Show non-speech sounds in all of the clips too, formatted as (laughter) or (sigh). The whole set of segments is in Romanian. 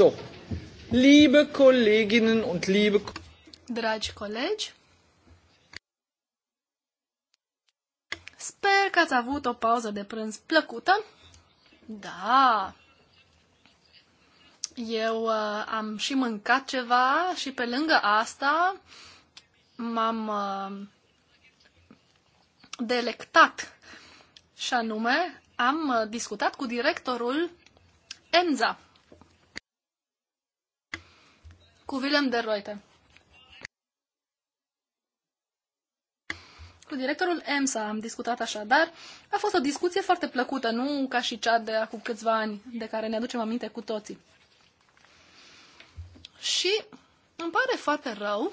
So, liebe Kolleginnen und liebe Dragi colegi, sper că ați avut o pauză de prânz plăcută. Da, eu uh, am și mâncat ceva și pe lângă asta m-am uh, delectat. Și anume, am uh, discutat cu directorul Enza cu Willem de Reuter. Cu directorul EMSA am discutat așadar. A fost o discuție foarte plăcută, nu ca și cea de acum câțiva ani, de care ne aducem aminte cu toții. Și îmi pare foarte rău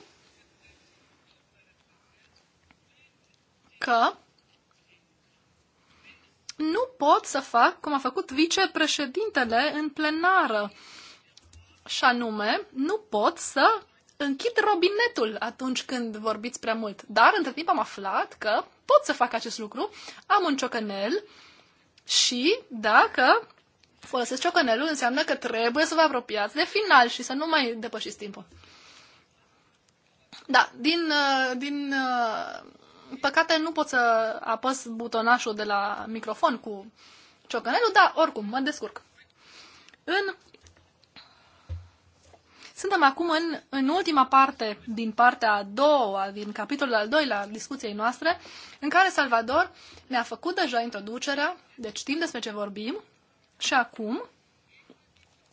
că nu pot să fac cum a făcut vicepreședintele în plenară și anume, nu pot să închid robinetul atunci când vorbiți prea mult. Dar între timp am aflat că pot să fac acest lucru. Am un ciocănel și dacă folosesc ciocănelul, înseamnă că trebuie să vă apropiați de final și să nu mai depășiți timpul. Da, din, uh, din uh, păcate nu pot să apăs butonașul de la microfon cu ciocănelul, dar oricum mă descurc. În suntem acum în, în ultima parte din partea a doua, din capitolul al doilea discuției noastre, în care Salvador ne-a făcut deja introducerea, deci știm despre ce vorbim și acum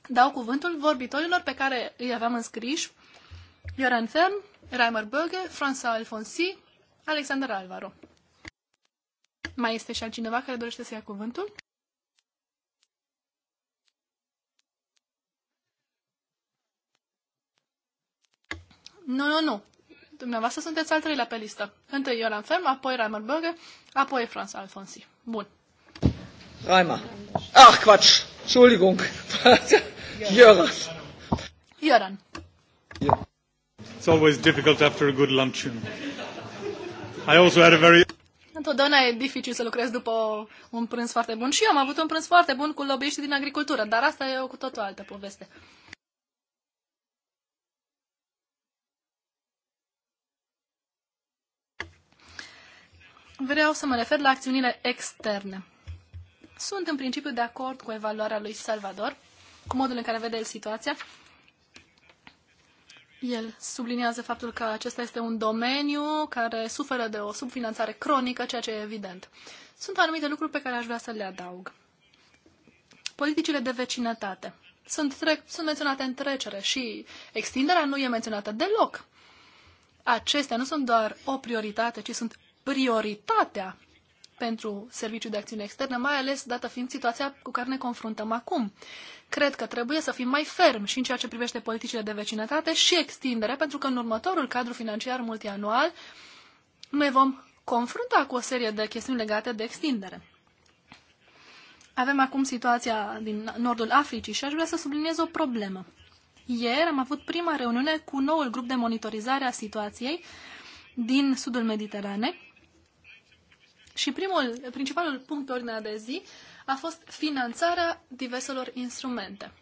dau cuvântul vorbitorilor pe care îi aveam înscriși, Ioran Fern, Reimer Böge, François Alfonsi, Alexander Alvaro. Mai este și altcineva care dorește să ia cuvântul? Nu, nu, nu. Dumneavoastră sunteți al treilea pe listă. Întâi Ioran Ferm, apoi Raimar Böge, apoi Franz Alfonsi. Bun. Reimer. Ach, Quatsch. Entschuldigung. (laughs) Ioran. Ioran. It's always difficult after a good luncheon. I also had a very... Întotdeauna e dificil să lucrez după un prânz foarte bun. Și eu am avut un prânz foarte bun cu lobbyiștii din agricultură, dar asta e o cu totul altă poveste. vreau să mă refer la acțiunile externe. Sunt în principiu de acord cu evaluarea lui Salvador, cu modul în care vede el situația. El subliniază faptul că acesta este un domeniu care suferă de o subfinanțare cronică, ceea ce e evident. Sunt anumite lucruri pe care aș vrea să le adaug. Politicile de vecinătate. Sunt, trec, sunt menționate în trecere și extinderea nu e menționată deloc. Acestea nu sunt doar o prioritate, ci sunt prioritatea pentru serviciul de acțiune externă, mai ales dată fiind situația cu care ne confruntăm acum. Cred că trebuie să fim mai ferm și în ceea ce privește politicile de vecinătate și extindere, pentru că în următorul cadru financiar multianual ne vom confrunta cu o serie de chestiuni legate de extindere. Avem acum situația din nordul Africii și aș vrea să subliniez o problemă. Ieri am avut prima reuniune cu noul grup de monitorizare a situației din sudul Mediteranei și primul, principalul punct ordinea de zi a fost finanțarea diverselor instrumente.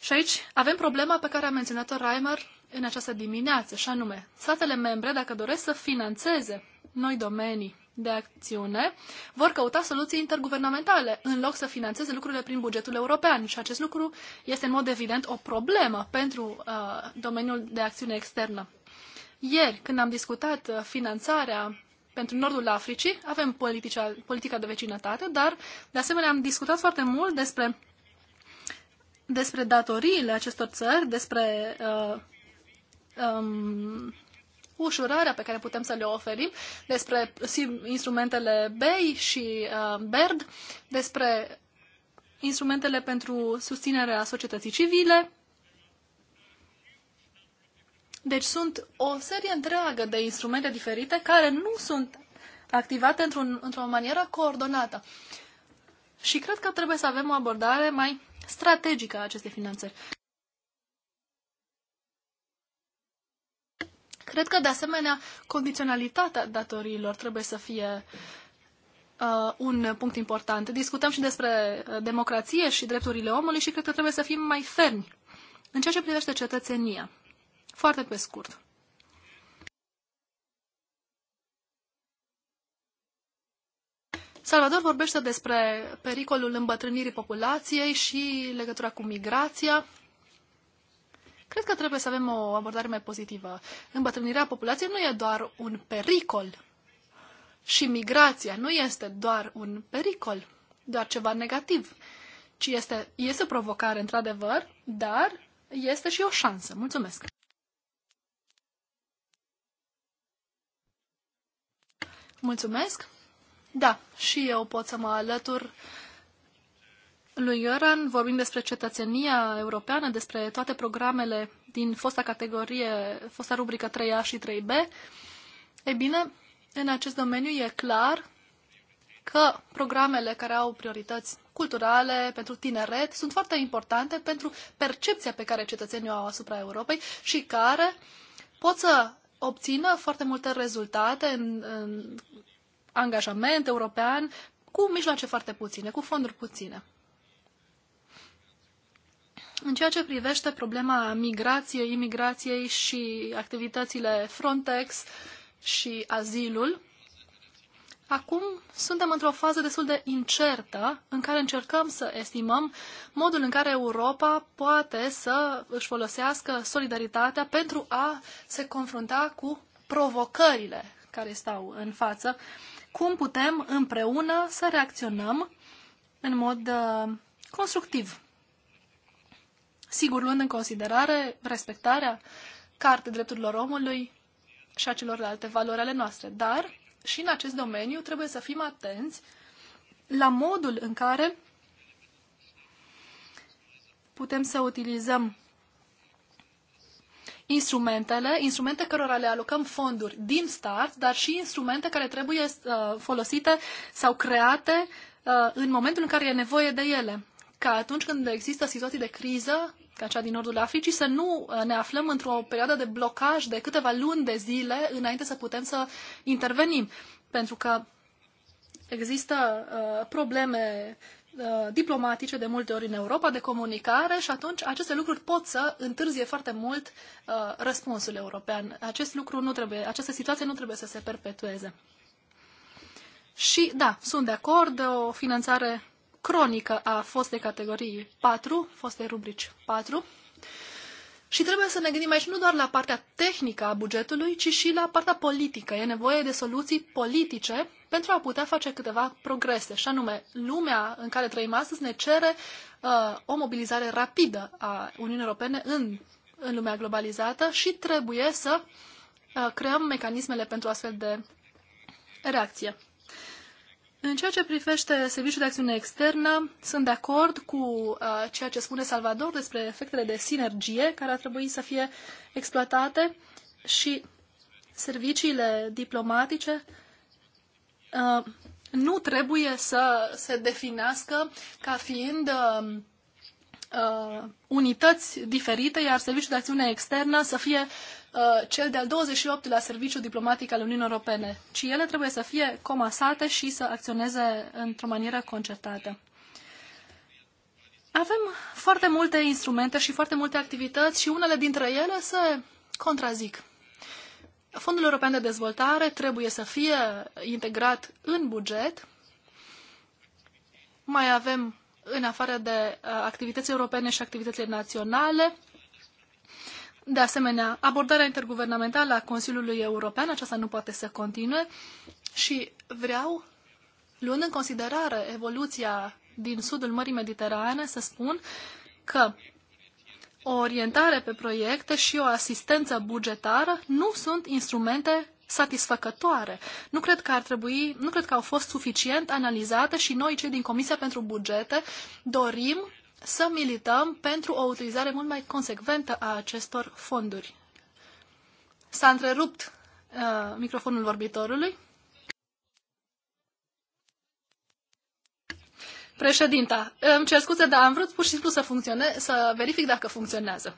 Și aici avem problema pe care a menționat-o Reimer în această dimineață, și anume, statele membre, dacă doresc să financeze noi domenii de acțiune, vor căuta soluții interguvernamentale, în loc să financeze lucrurile prin bugetul european. Și acest lucru este, în mod evident, o problemă pentru uh, domeniul de acțiune externă. Ieri, când am discutat uh, finanțarea pentru nordul Africii, avem politica, politica de vecinătate, dar de asemenea am discutat foarte mult despre, despre datoriile acestor țări, despre uh, um, ușurarea pe care putem să le oferim, despre instrumentele BEI și uh, BERD, despre instrumentele pentru susținerea societății civile, deci sunt o serie întreagă de instrumente diferite care nu sunt activate într-un, într-o manieră coordonată. Și cred că trebuie să avem o abordare mai strategică a acestei finanțări. Cred că, de asemenea, condiționalitatea datoriilor trebuie să fie uh, un punct important. Discutăm și despre uh, democrație și drepturile omului și cred că trebuie să fim mai fermi în ceea ce privește cetățenia. Foarte pe scurt. Salvador vorbește despre pericolul îmbătrânirii populației și legătura cu migrația. Cred că trebuie să avem o abordare mai pozitivă. Îmbătrânirea populației nu e doar un pericol și migrația nu este doar un pericol, doar ceva negativ, ci este, este o provocare într-adevăr, dar este și o șansă. Mulțumesc! Mulțumesc. Da, și eu pot să mă alătur lui Ioran. Vorbim despre cetățenia europeană, despre toate programele din fosta categorie, fosta rubrică 3A și 3B. Ei bine, în acest domeniu e clar că programele care au priorități culturale, pentru tineret, sunt foarte importante pentru percepția pe care cetățenii o au asupra Europei și care pot să obțină foarte multe rezultate în, în angajament european cu mijloace foarte puține, cu fonduri puține. În ceea ce privește problema migrației, imigrației și activitățile Frontex și azilul, Acum suntem într-o fază destul de incertă în care încercăm să estimăm modul în care Europa poate să își folosească solidaritatea pentru a se confrunta cu provocările care stau în față, cum putem împreună să reacționăm în mod uh, constructiv. Sigur, luând în considerare respectarea Cartei drepturilor omului și a celorlalte valori ale noastre, dar și în acest domeniu trebuie să fim atenți la modul în care putem să utilizăm instrumentele, instrumente cărora le alocăm fonduri din start, dar și instrumente care trebuie uh, folosite sau create uh, în momentul în care e nevoie de ele ca atunci când există situații de criză, ca cea din nordul Africii, să nu uh, ne aflăm într-o perioadă de blocaj de câteva luni de zile înainte să putem să intervenim. Pentru că există uh, probleme uh, diplomatice de multe ori în Europa, de comunicare și atunci aceste lucruri pot să întârzie foarte mult uh, răspunsul european. Acest lucru nu trebuie, această situație nu trebuie să se perpetueze. Și da, sunt de acord, o finanțare cronică a fostei categorii 4, fostei rubrici 4. Și trebuie să ne gândim aici nu doar la partea tehnică a bugetului, ci și la partea politică. E nevoie de soluții politice pentru a putea face câteva progrese. Și anume, lumea în care trăim astăzi ne cere uh, o mobilizare rapidă a Uniunii Europene în, în lumea globalizată și trebuie să uh, creăm mecanismele pentru astfel de reacție. În ceea ce privește serviciul de acțiune externă, sunt de acord cu uh, ceea ce spune Salvador despre efectele de sinergie care ar trebui să fie exploatate și serviciile diplomatice uh, nu trebuie să se definească ca fiind uh, uh, unități diferite, iar serviciul de acțiune externă să fie Uh, cel de-al 28-lea serviciu diplomatic al Uniunii Europene, ci ele trebuie să fie comasate și să acționeze într-o manieră concertată. Avem foarte multe instrumente și foarte multe activități și unele dintre ele se contrazic. Fondul European de Dezvoltare trebuie să fie integrat în buget. Mai avem, în afară de uh, activități europene și activitățile naționale, de asemenea, abordarea interguvernamentală a Consiliului European, aceasta nu poate să continue și vreau, luând în considerare evoluția din sudul Mării Mediterane, să spun că o orientare pe proiecte și o asistență bugetară nu sunt instrumente satisfăcătoare. Nu cred că ar trebui, nu cred că au fost suficient analizate și noi, cei din Comisia pentru Bugete, dorim să milităm pentru o utilizare mult mai consecventă a acestor fonduri. S-a întrerupt uh, microfonul vorbitorului. Președinta, îmi cer scuze, dar am vrut pur și simplu să, funcționez, să verific dacă funcționează.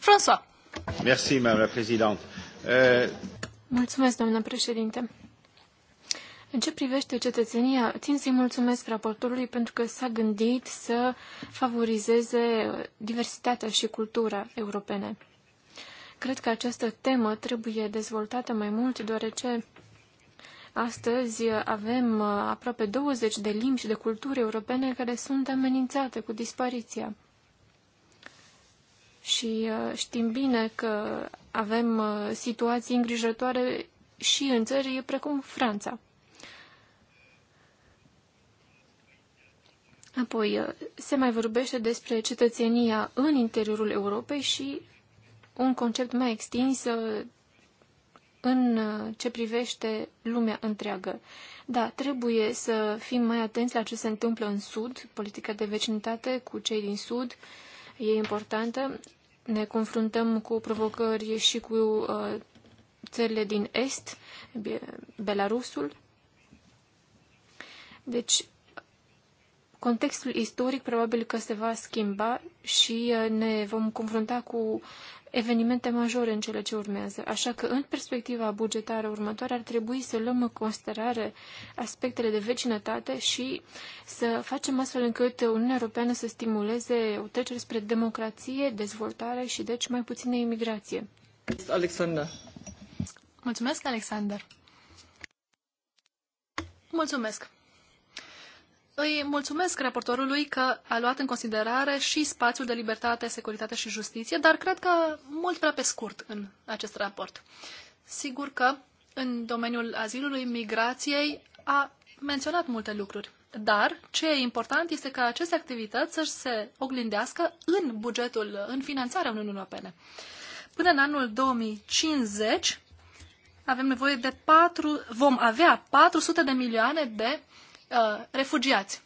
François, președinte. Euh, mulțumesc, doamnă președinte. În ce privește cetățenia, țin să-i mulțumesc raportorului pentru că s-a gândit să favorizeze diversitatea și cultura europene. Cred că această temă trebuie dezvoltată mai mult, deoarece astăzi avem aproape 20 de limbi și de culturi europene care sunt amenințate cu dispariția. Și uh, știm bine că avem uh, situații îngrijătoare și în țări precum Franța. Apoi, uh, se mai vorbește despre cetățenia în interiorul Europei și un concept mai extins în ce privește lumea întreagă. Da, trebuie să fim mai atenți la ce se întâmplă în Sud, politica de vecinătate cu cei din Sud, uh, e importantă. Ne confruntăm cu provocări și cu uh, țările din Est, Belarusul. Deci, Contextul istoric probabil că se va schimba și uh, ne vom confrunta cu evenimente majore în cele ce urmează, așa că în perspectiva bugetară următoare ar trebui să luăm în considerare aspectele de vecinătate și să facem astfel încât Uniunea Europeană să stimuleze o trecere spre democrație, dezvoltare și deci mai puțină imigrație. Alexander. Mulțumesc, Alexander. Mulțumesc îi mulțumesc raportorului că a luat în considerare și spațiul de libertate, securitate și justiție, dar cred că mult prea pe scurt în acest raport. Sigur că în domeniul azilului, migrației, a menționat multe lucruri. Dar ce e important este ca aceste activități să se oglindească în bugetul, în finanțarea Uniunii Europene. Până în anul 2050 avem nevoie de 4, vom avea 400 de milioane de uh, refugiați.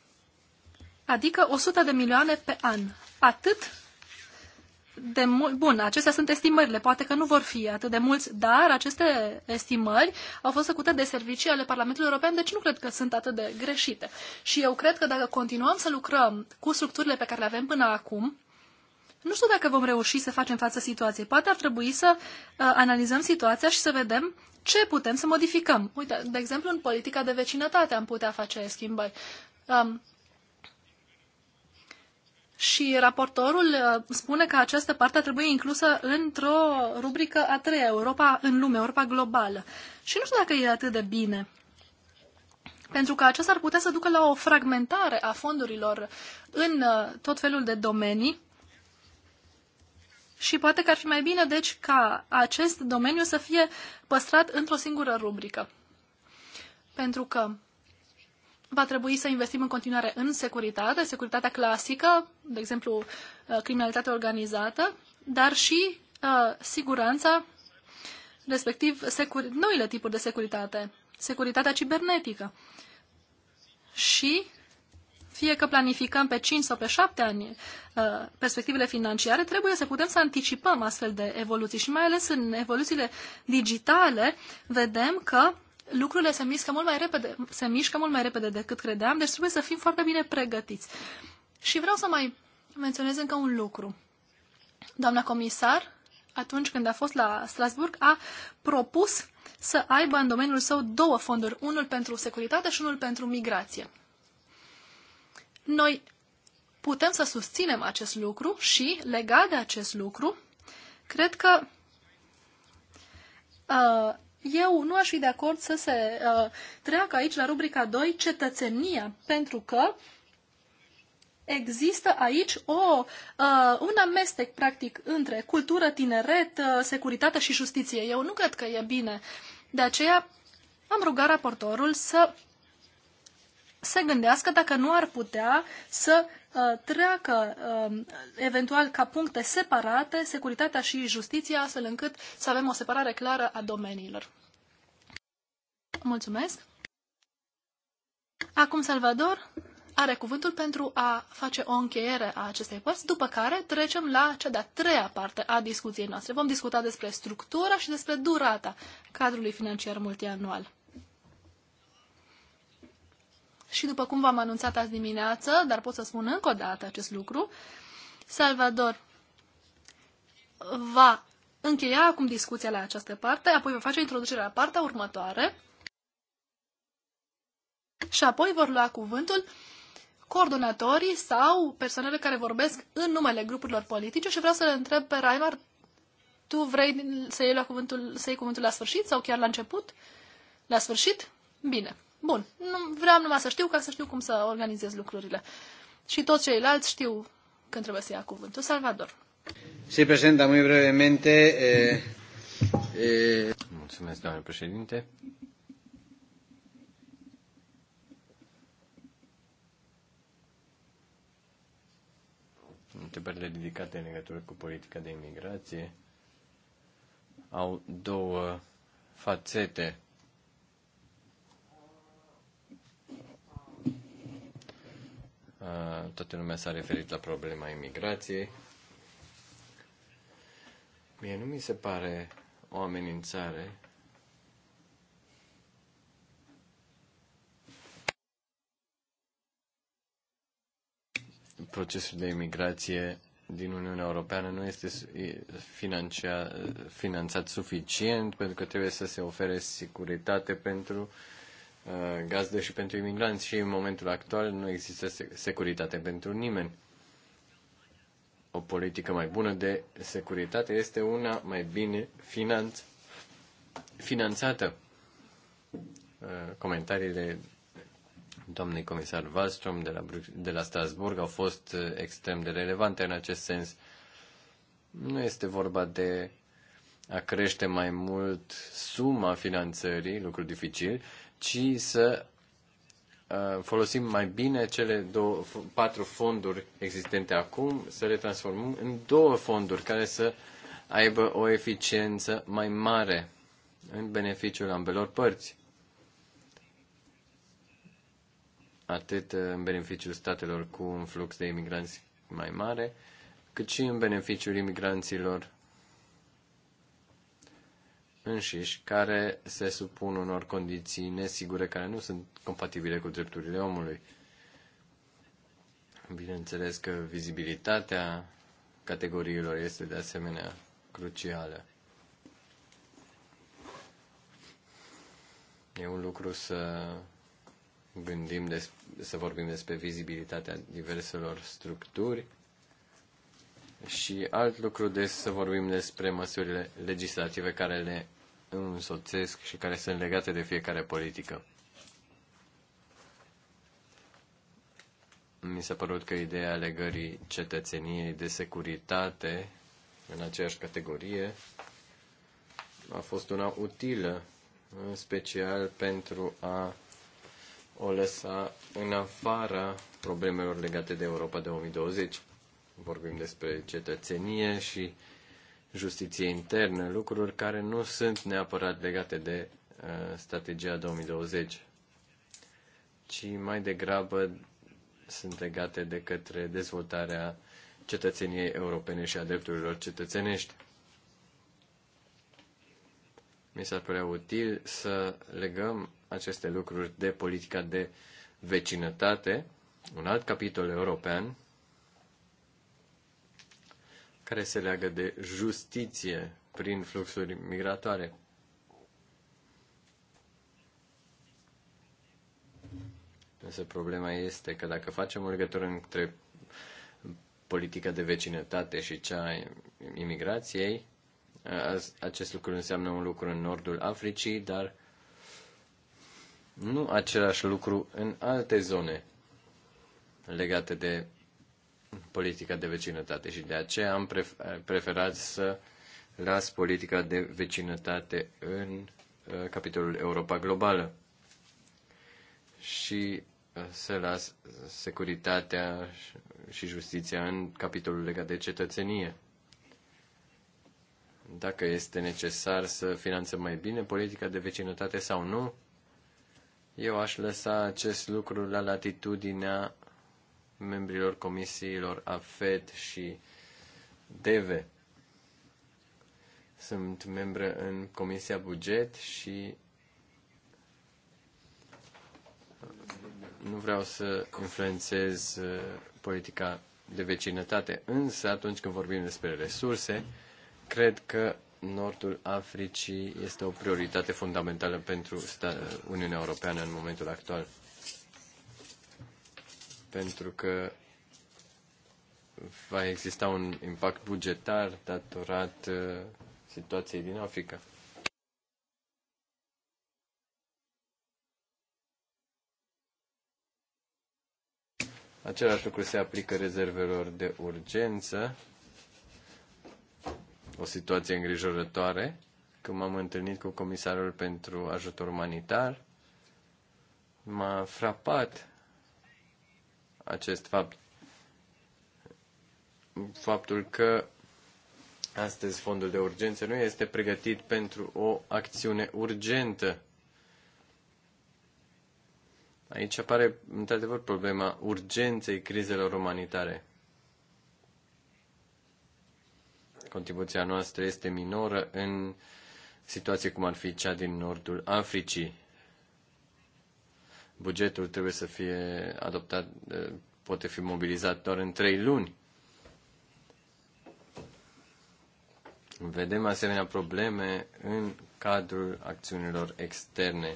Adică 100 de milioane pe an. Atât de mult. Bun, acestea sunt estimările, poate că nu vor fi atât de mulți, dar aceste estimări au fost făcute de servicii ale Parlamentului European, deci nu cred că sunt atât de greșite. Și eu cred că dacă continuăm să lucrăm cu structurile pe care le avem până acum, nu știu dacă vom reuși să facem față situației. Poate ar trebui să uh, analizăm situația și să vedem ce putem să modificăm. Uite, de exemplu, în politica de vecinătate am putea face schimbări. Um, și raportorul uh, spune că această parte trebuie inclusă într-o rubrică a treia, Europa în lume, Europa globală. Și nu știu dacă e atât de bine. Pentru că acesta ar putea să ducă la o fragmentare a fondurilor în uh, tot felul de domenii și poate că ar fi mai bine, deci, ca acest domeniu să fie păstrat într-o singură rubrică. Pentru că va trebui să investim în continuare în securitate, securitatea clasică, de exemplu, uh, criminalitatea organizată, dar și uh, siguranța, respectiv noile tipuri de securitate, securitatea cibernetică. Și fie că planificăm pe 5 sau pe 7 ani uh, perspectivele financiare, trebuie să putem să anticipăm astfel de evoluții și mai ales în evoluțiile digitale vedem că lucrurile se mișcă mult mai repede, se mișcă mult mai repede decât credeam, deci trebuie să fim foarte bine pregătiți. Și vreau să mai menționez încă un lucru. Doamna comisar, atunci când a fost la Strasburg, a propus să aibă în domeniul său două fonduri, unul pentru securitate și unul pentru migrație. Noi putem să susținem acest lucru și, legat de acest lucru, cred că uh, eu nu aș fi de acord să se uh, treacă aici la rubrica 2 cetățenia, pentru că există aici o, uh, un amestec, practic, între cultură, tineret, uh, securitate și justiție. Eu nu cred că e bine. De aceea am rugat raportorul să se gândească dacă nu ar putea să uh, treacă uh, eventual ca puncte separate securitatea și justiția, astfel încât să avem o separare clară a domeniilor. Mulțumesc! Acum Salvador are cuvântul pentru a face o încheiere a acestei părți, după care trecem la cea de-a treia parte a discuției noastre. Vom discuta despre structura și despre durata cadrului financiar multianual și după cum v-am anunțat azi dimineață, dar pot să spun încă o dată acest lucru, Salvador va încheia acum discuția la această parte, apoi va face introducerea la partea următoare și apoi vor lua cuvântul coordonatorii sau persoanele care vorbesc în numele grupurilor politice și vreau să le întreb pe Raimar, tu vrei să iei, la cuvântul, să iei cuvântul la sfârșit sau chiar la început? La sfârșit? Bine. Bun, nu, vreau numai să știu ca să știu cum să organizez lucrurile. Și toți ceilalți știu când trebuie să ia cuvântul. Salvador. Se prezentă mai brevemente. Eh, eh... Mulțumesc, doamne președinte. Întrebările ridicate în legătură cu politica de imigrație au două fațete Toată lumea s-a referit la problema imigrației. Mie nu mi se pare o amenințare procesul de imigrație din Uniunea Europeană nu este finanțat suficient pentru că trebuie să se ofere securitate pentru Uh, gazdă și pentru imigranți și în momentul actual nu există securitate pentru nimeni. O politică mai bună de securitate este una mai bine finanț, finanțată. Uh, comentariile doamnei comisar Wallström de la, de la Strasburg au fost uh, extrem de relevante în acest sens. Nu este vorba de a crește mai mult suma finanțării, lucru dificil, ci să uh, folosim mai bine cele două, patru fonduri existente acum, să le transformăm în două fonduri care să aibă o eficiență mai mare în beneficiul ambelor părți. Atât în beneficiul statelor cu un flux de imigranți mai mare, cât și în beneficiul imigranților înșiși care se supun unor condiții nesigure care nu sunt compatibile cu drepturile omului. Bineînțeles că vizibilitatea categoriilor este de asemenea crucială. E un lucru să gândim des, să vorbim despre vizibilitatea diverselor structuri și alt lucru de să vorbim despre măsurile legislative care le însoțesc și care sunt legate de fiecare politică. Mi s-a părut că ideea legării cetățeniei de securitate în aceeași categorie a fost una utilă, în special pentru a o lăsa în afara problemelor legate de Europa de 2020. Vorbim despre cetățenie și uh, justiție interne, lucruri care nu sunt neapărat legate de uh, strategia 2020, ci mai degrabă sunt legate de către dezvoltarea cetățeniei europene și a drepturilor cetățenești. Mi s-ar părea util să legăm aceste lucruri de politica de vecinătate, un alt capitol european care se leagă de justiție prin fluxuri migratoare. Însă problema este că dacă facem o legătură între politica de vecinătate și cea a imigrației, acest lucru înseamnă un lucru în nordul Africii, dar nu același lucru în alte zone legate de politica de vecinătate și de aceea am preferat să las politica de vecinătate în uh, capitolul Europa Globală și uh, să las securitatea și justiția în capitolul legat de cetățenie. Dacă este necesar să finanțăm mai bine politica de vecinătate sau nu, eu aș lăsa acest lucru la latitudinea membrilor comisiilor AFET și DEVE. Sunt membră în Comisia Buget și nu vreau să influențez uh, politica de vecinătate, însă atunci când vorbim despre resurse, cred că Nordul Africii este o prioritate fundamentală pentru Uniunea Europeană în momentul actual pentru că va exista un impact bugetar datorat uh, situației din Africa. Același lucru se aplică rezervelor de urgență. O situație îngrijorătoare. Când m-am întâlnit cu comisarul pentru ajutor umanitar, m-a frapat acest fapt. Faptul că astăzi fondul de urgență nu este pregătit pentru o acțiune urgentă. Aici apare, într-adevăr, problema urgenței crizelor umanitare. Contribuția noastră este minoră în situații cum ar fi cea din nordul Africii bugetul trebuie să fie adoptat, poate fi mobilizat doar în trei luni. Vedem asemenea probleme în cadrul acțiunilor externe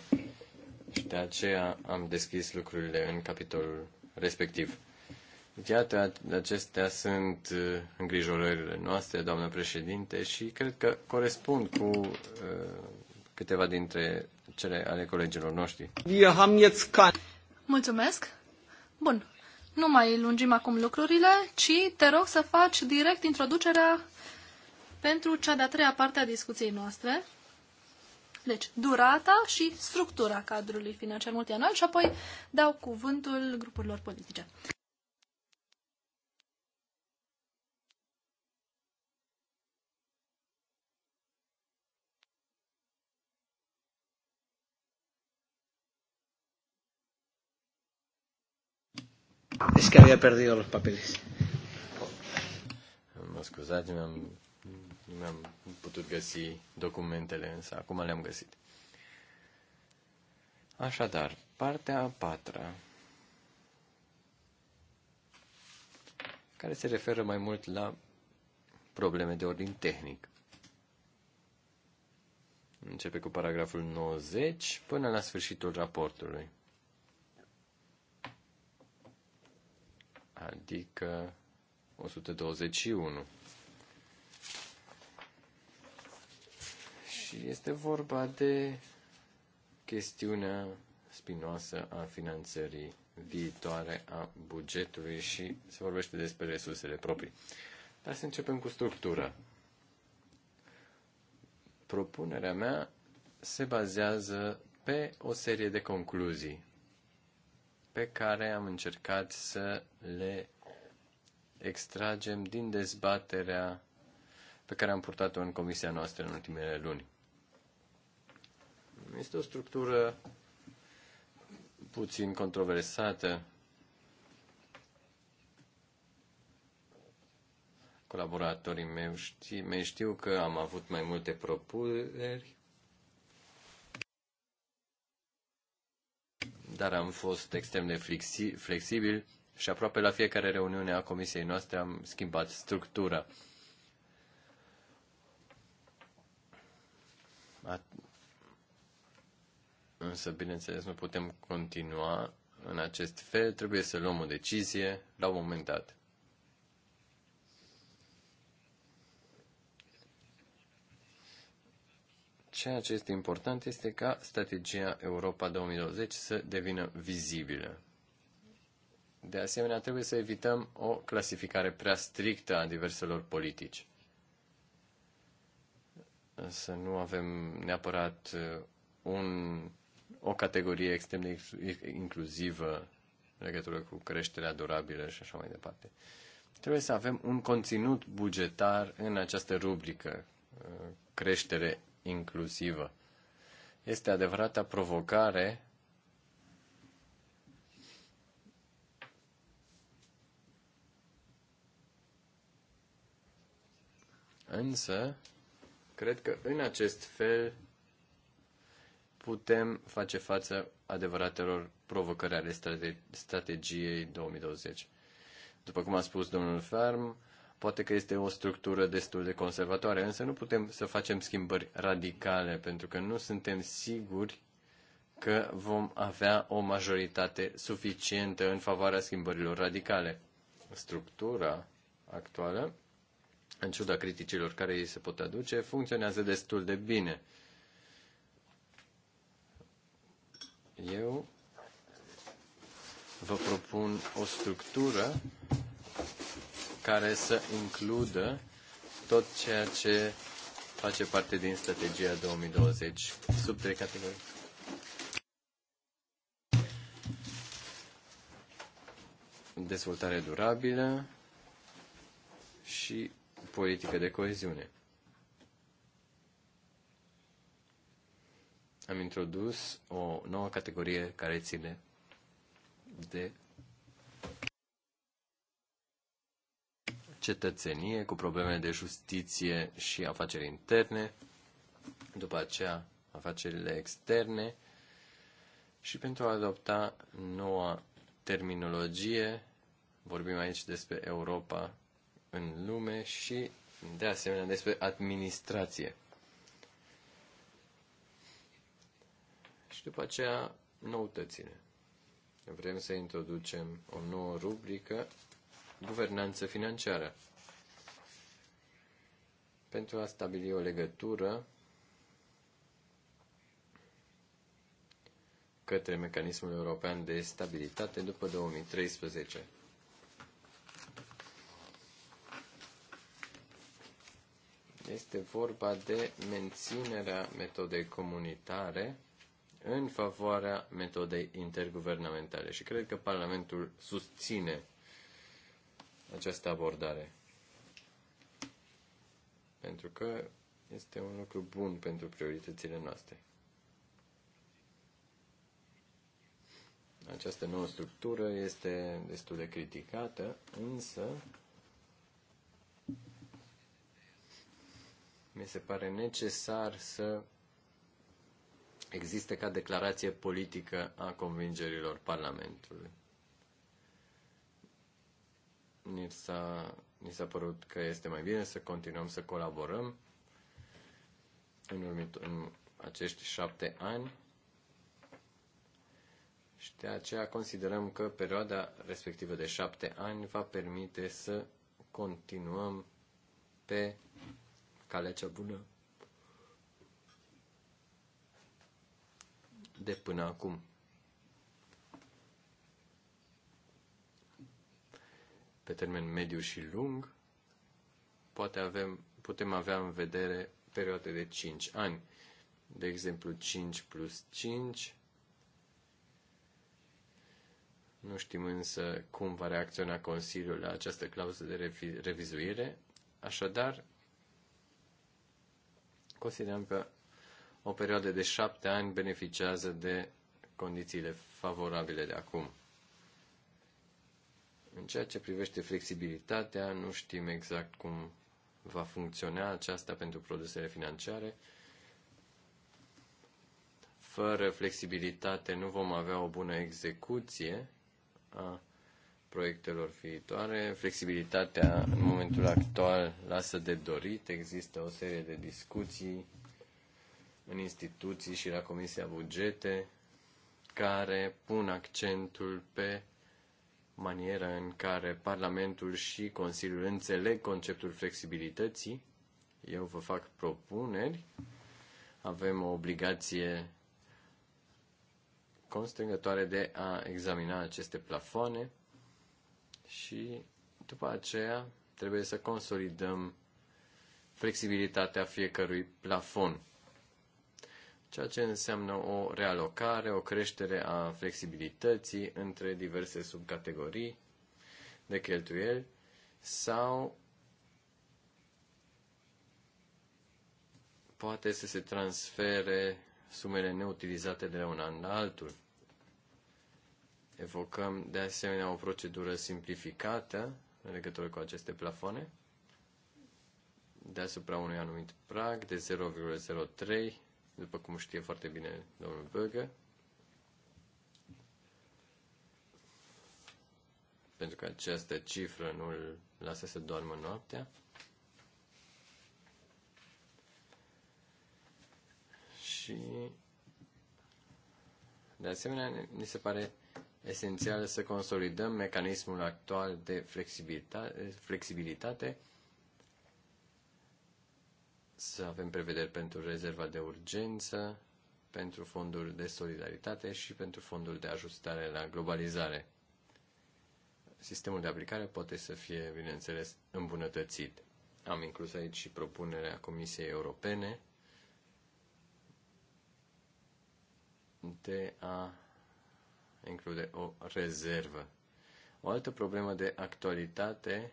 și de aceea am deschis lucrurile în capitolul respectiv. Iată, acestea sunt uh, îngrijorările noastre, doamnă președinte, și cred că corespund cu uh, câteva dintre cele ale colegilor noștri. Mulțumesc! Bun, nu mai lungim acum lucrurile, ci te rog să faci direct introducerea pentru cea de-a treia parte a discuției noastre. Deci, durata și structura cadrului financiar multianual și apoi dau cuvântul grupurilor politice. Es que había perdido los papeles. Mă scuzați, mi-am, mi-am putut găsi documentele, însă acum le-am găsit. Așadar, partea a patra, care se referă mai mult la probleme de ordin tehnic. Începe cu paragraful 90 până la sfârșitul raportului. adică 121. Și este vorba de chestiunea spinoasă a finanțării viitoare a bugetului și se vorbește despre resursele proprii. Dar să începem cu structura. Propunerea mea se bazează pe o serie de concluzii pe care am încercat să le extragem din dezbaterea pe care am purtat-o în comisia noastră în ultimele luni. Este o structură puțin controversată. Colaboratorii mei știu, mei știu că am avut mai multe propuneri dar am fost extrem de flexibil și aproape la fiecare reuniune a comisiei noastre am schimbat structura. Însă, bineînțeles, nu putem continua în acest fel, trebuie să luăm o decizie la un moment dat. ceea ce este important este ca strategia Europa 2020 să devină vizibilă. De asemenea, trebuie să evităm o clasificare prea strictă a diverselor politici. Să nu avem neapărat uh, un, o categorie extrem de inclusivă în legătură cu creșterea durabilă și așa mai departe. Trebuie să avem un conținut bugetar în această rubrică uh, creștere inclusivă. Este adevărata provocare Însă, cred că în acest fel putem face față adevăratelor provocări ale strategiei 2020. După cum a spus domnul Ferm. Poate că este o structură destul de conservatoare, însă nu putem să facem schimbări radicale, pentru că nu suntem siguri că vom avea o majoritate suficientă în favoarea schimbărilor radicale. Structura actuală, în ciuda criticilor care ei se pot aduce, funcționează destul de bine. Eu vă propun o structură care să includă tot ceea ce face parte din strategia 2020 sub trei categorii. Dezvoltare durabilă și politică de coeziune. Am introdus o nouă categorie care ține de cetățenie, cu probleme de justiție și afaceri interne, după aceea afacerile externe și pentru a adopta noua terminologie, vorbim aici despre Europa în lume și de asemenea despre administrație. Și după aceea, noutățile. Vrem să introducem o nouă rubrică guvernanță financiară. Pentru a stabili o legătură către mecanismul european de stabilitate după 2013. Este vorba de menținerea metodei comunitare în favoarea metodei interguvernamentale și cred că Parlamentul susține această abordare. Pentru că este un lucru bun pentru prioritățile noastre. Această nouă structură este destul de criticată, însă mi se pare necesar să existe ca declarație politică a convingerilor Parlamentului ni s-a, ni s-a părut că este mai bine să continuăm să colaborăm în, urmit, în acești șapte ani și de aceea considerăm că perioada respectivă de șapte ani va permite să continuăm pe calea cea bună de până acum. pe termen mediu și lung, poate avem, putem avea în vedere perioade de 5 ani. De exemplu, 5 plus 5. Nu știm însă cum va reacționa Consiliul la această clauză de revi- revizuire. Așadar, considerăm că o perioadă de 7 ani beneficiază de condițiile favorabile de acum. În ceea ce privește flexibilitatea, nu știm exact cum va funcționa aceasta pentru produsele financiare. Fără flexibilitate nu vom avea o bună execuție a proiectelor viitoare. Flexibilitatea în momentul actual lasă de dorit. Există o serie de discuții în instituții și la Comisia Bugete care pun accentul pe maniera în care Parlamentul și Consiliul înțeleg conceptul flexibilității. Eu vă fac propuneri. Avem o obligație constrângătoare de a examina aceste plafoane și după aceea trebuie să consolidăm flexibilitatea fiecărui plafon ceea ce înseamnă o realocare, o creștere a flexibilității între diverse subcategorii de cheltuieli sau poate să se transfere sumele neutilizate de la un an la altul. Evocăm de asemenea o procedură simplificată în legătură cu aceste plafoane deasupra unui anumit prag de 0,03 după cum știe foarte bine domnul Böge, pentru că această cifră nu îl lasă să doarmă noaptea. Și, de asemenea, mi se pare esențial să consolidăm mecanismul actual de flexibilitate, flexibilitate să avem prevederi pentru rezerva de urgență, pentru fondul de solidaritate și pentru fondul de ajustare la globalizare. Sistemul de aplicare poate să fie, bineînțeles, îmbunătățit. Am inclus aici și propunerea Comisiei Europene de a include o rezervă. O altă problemă de actualitate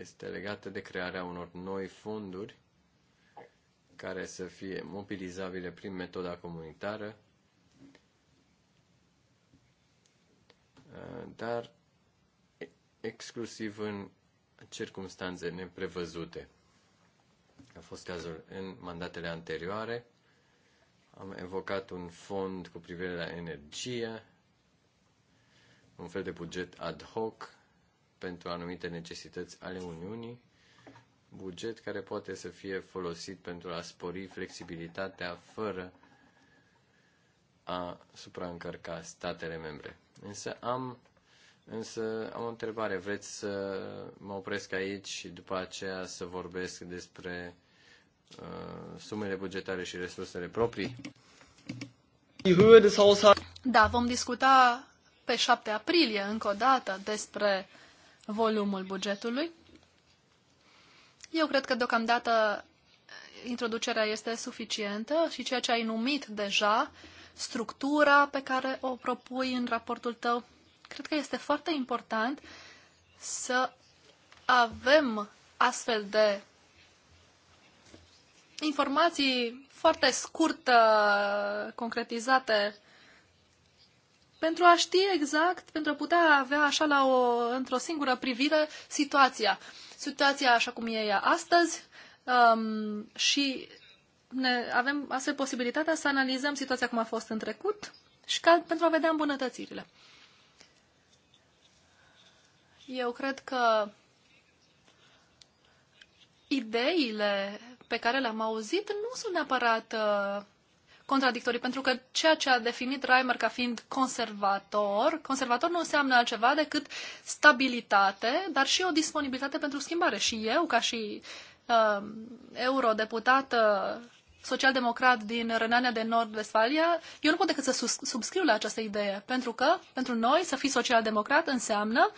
este legată de crearea unor noi fonduri care să fie mobilizabile prin metoda comunitară, eh, dar exclusiv în circunstanțe neprevăzute. A fost cazul în mandatele anterioare. Am evocat un fond cu privire la energie, un fel de buget ad hoc pentru anumite necesități ale Uniunii, buget care poate să fie folosit pentru a spori flexibilitatea fără a supraîncărca statele membre. Însă am, însă am o întrebare. Vreți să mă opresc aici și după aceea să vorbesc despre uh, sumele bugetare și resursele proprii? Da, vom discuta pe 7 aprilie încă o dată despre volumul bugetului. Eu cred că deocamdată introducerea este suficientă și ceea ce ai numit deja, structura pe care o propui în raportul tău, cred că este foarte important să avem astfel de informații foarte scurt concretizate pentru a ști exact, pentru a putea avea așa la o, într-o singură privire situația. Situația așa cum e ea astăzi um, și ne, avem astfel posibilitatea să analizăm situația cum a fost în trecut și ca, pentru a vedea îmbunătățirile. Eu cred că ideile pe care le-am auzit nu sunt neapărat uh, contradictorii, pentru că ceea ce a definit Reimer ca fiind conservator, conservator nu înseamnă altceva decât stabilitate, dar și o disponibilitate pentru schimbare. Și eu, ca și um, uh, eurodeputată social-democrat din Renania de Nord-Vestfalia, eu nu pot decât să sus- subscriu la această idee, pentru că pentru noi să fii social-democrat înseamnă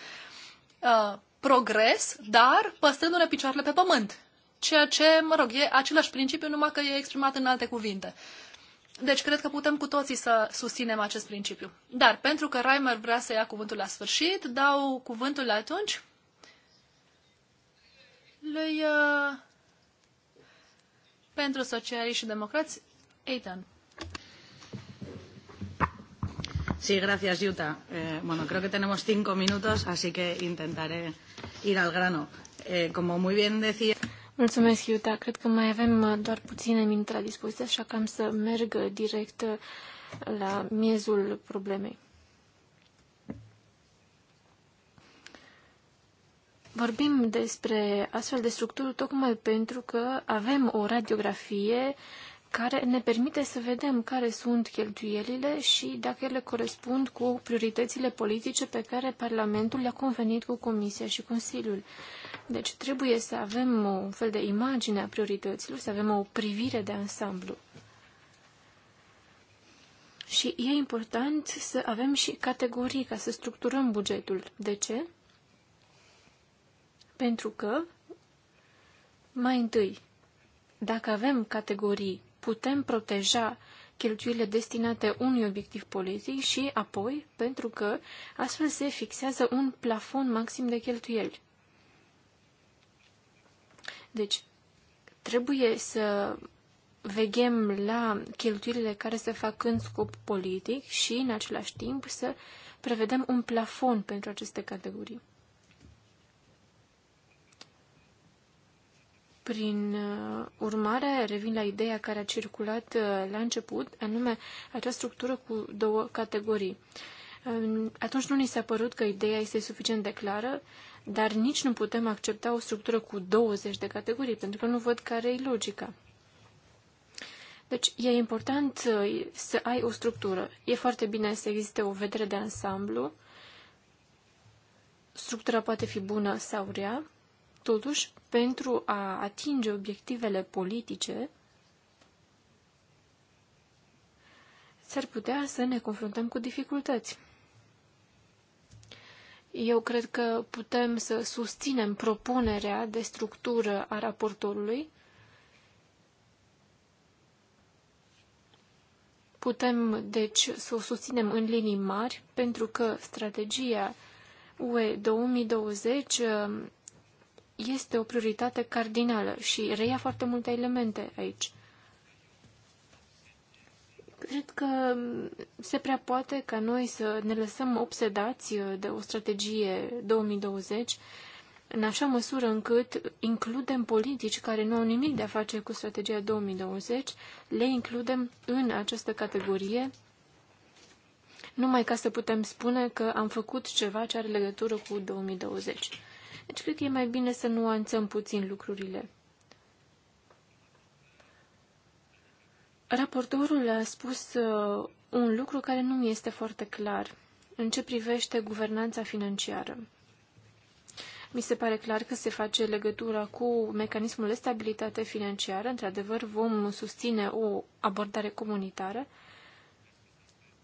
uh, progres, dar păstrându-ne picioarele pe pământ ceea ce, mă rog, e același principiu, numai că e exprimat în alte cuvinte. Deci cred că putem cu toții să susținem acest principiu. Dar pentru că Reimer vrea să ia cuvântul la sfârșit, dau cuvântul atunci lui uh, pentru socialiști și democrați, Eitan. Sí, gracias, Jutta. Eh, bueno, creo que tenemos cinco minutos, así que intentaré ir al grano. Eh, como muy bien decía. Mulțumesc, Iuta. Cred că mai avem uh, doar puține minute la dispoziție, așa că am să merg uh, direct uh, la miezul problemei. Vorbim despre astfel de structuri tocmai pentru că avem o radiografie care ne permite să vedem care sunt cheltuielile și dacă ele corespund cu prioritățile politice pe care Parlamentul le-a convenit cu Comisia și Consiliul. Deci trebuie să avem un fel de imagine a priorităților, să avem o privire de ansamblu. Și e important să avem și categorii ca să structurăm bugetul. De ce? Pentru că, mai întâi, dacă avem categorii putem proteja cheltuielile destinate unui obiectiv politic și apoi pentru că astfel se fixează un plafon maxim de cheltuieli. Deci, trebuie să veghem la cheltuielile care se fac în scop politic și, în același timp, să prevedem un plafon pentru aceste categorii. Prin uh, urmare, revin la ideea care a circulat uh, la început, anume acea structură cu două categorii. Um, atunci nu ni s-a părut că ideea este suficient de clară, dar nici nu putem accepta o structură cu 20 de categorii, pentru că nu văd care e logica. Deci, e important uh, să ai o structură. E foarte bine să existe o vedere de ansamblu. Structura poate fi bună sau rea. Totuși, pentru a atinge obiectivele politice, s-ar putea să ne confruntăm cu dificultăți. Eu cred că putem să susținem propunerea de structură a raportorului. Putem, deci, să o susținem în linii mari, pentru că strategia UE 2020 este o prioritate cardinală și reia foarte multe elemente aici. Cred că se prea poate ca noi să ne lăsăm obsedați uh, de o strategie 2020 în așa măsură încât includem politici care nu au nimic de a face cu strategia 2020, le includem în această categorie numai ca să putem spune că am făcut ceva ce are legătură cu 2020. Deci cred că e mai bine să nuanțăm puțin lucrurile. Raportorul a spus uh, un lucru care nu mi este foarte clar în ce privește guvernanța financiară. Mi se pare clar că se face legătura cu mecanismul de stabilitate financiară. Într-adevăr, vom susține o abordare comunitară,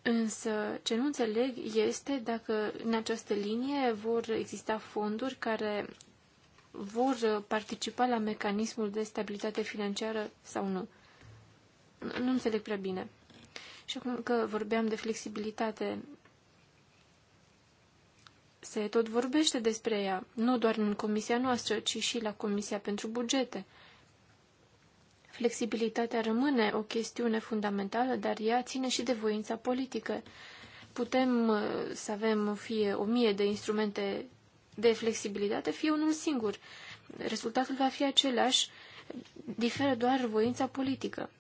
Însă, ce nu înțeleg este dacă în această linie vor exista fonduri care vor participa la mecanismul de stabilitate financiară sau nu. Nu înțeleg prea bine. Și acum că vorbeam de flexibilitate, se tot vorbește despre ea, nu doar în comisia noastră, ci și la Comisia pentru Bugete. Flexibilitatea rămâne o chestiune fundamentală, dar ea ține și de voința politică. Putem uh, să avem fie o mie de instrumente de flexibilitate, fie unul singur. Rezultatul va fi același, diferă doar voința politică.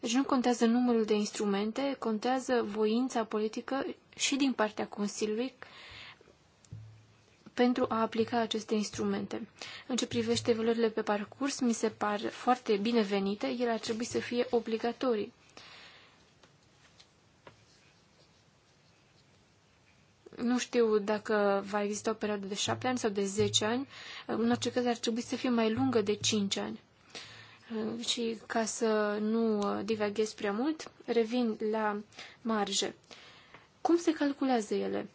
Deci nu contează numărul de instrumente, contează voința politică și din partea Consiliului pentru a aplica aceste instrumente. În ce privește valorile pe parcurs, mi se par foarte binevenite, ele ar trebui să fie obligatorii. Nu știu dacă va exista o perioadă de 7 ani sau de 10 ani, în orice caz ar trebui să fie mai lungă de 5 ani. Și ca să nu divaghez prea mult, revin la marge. Cum se calculează ele?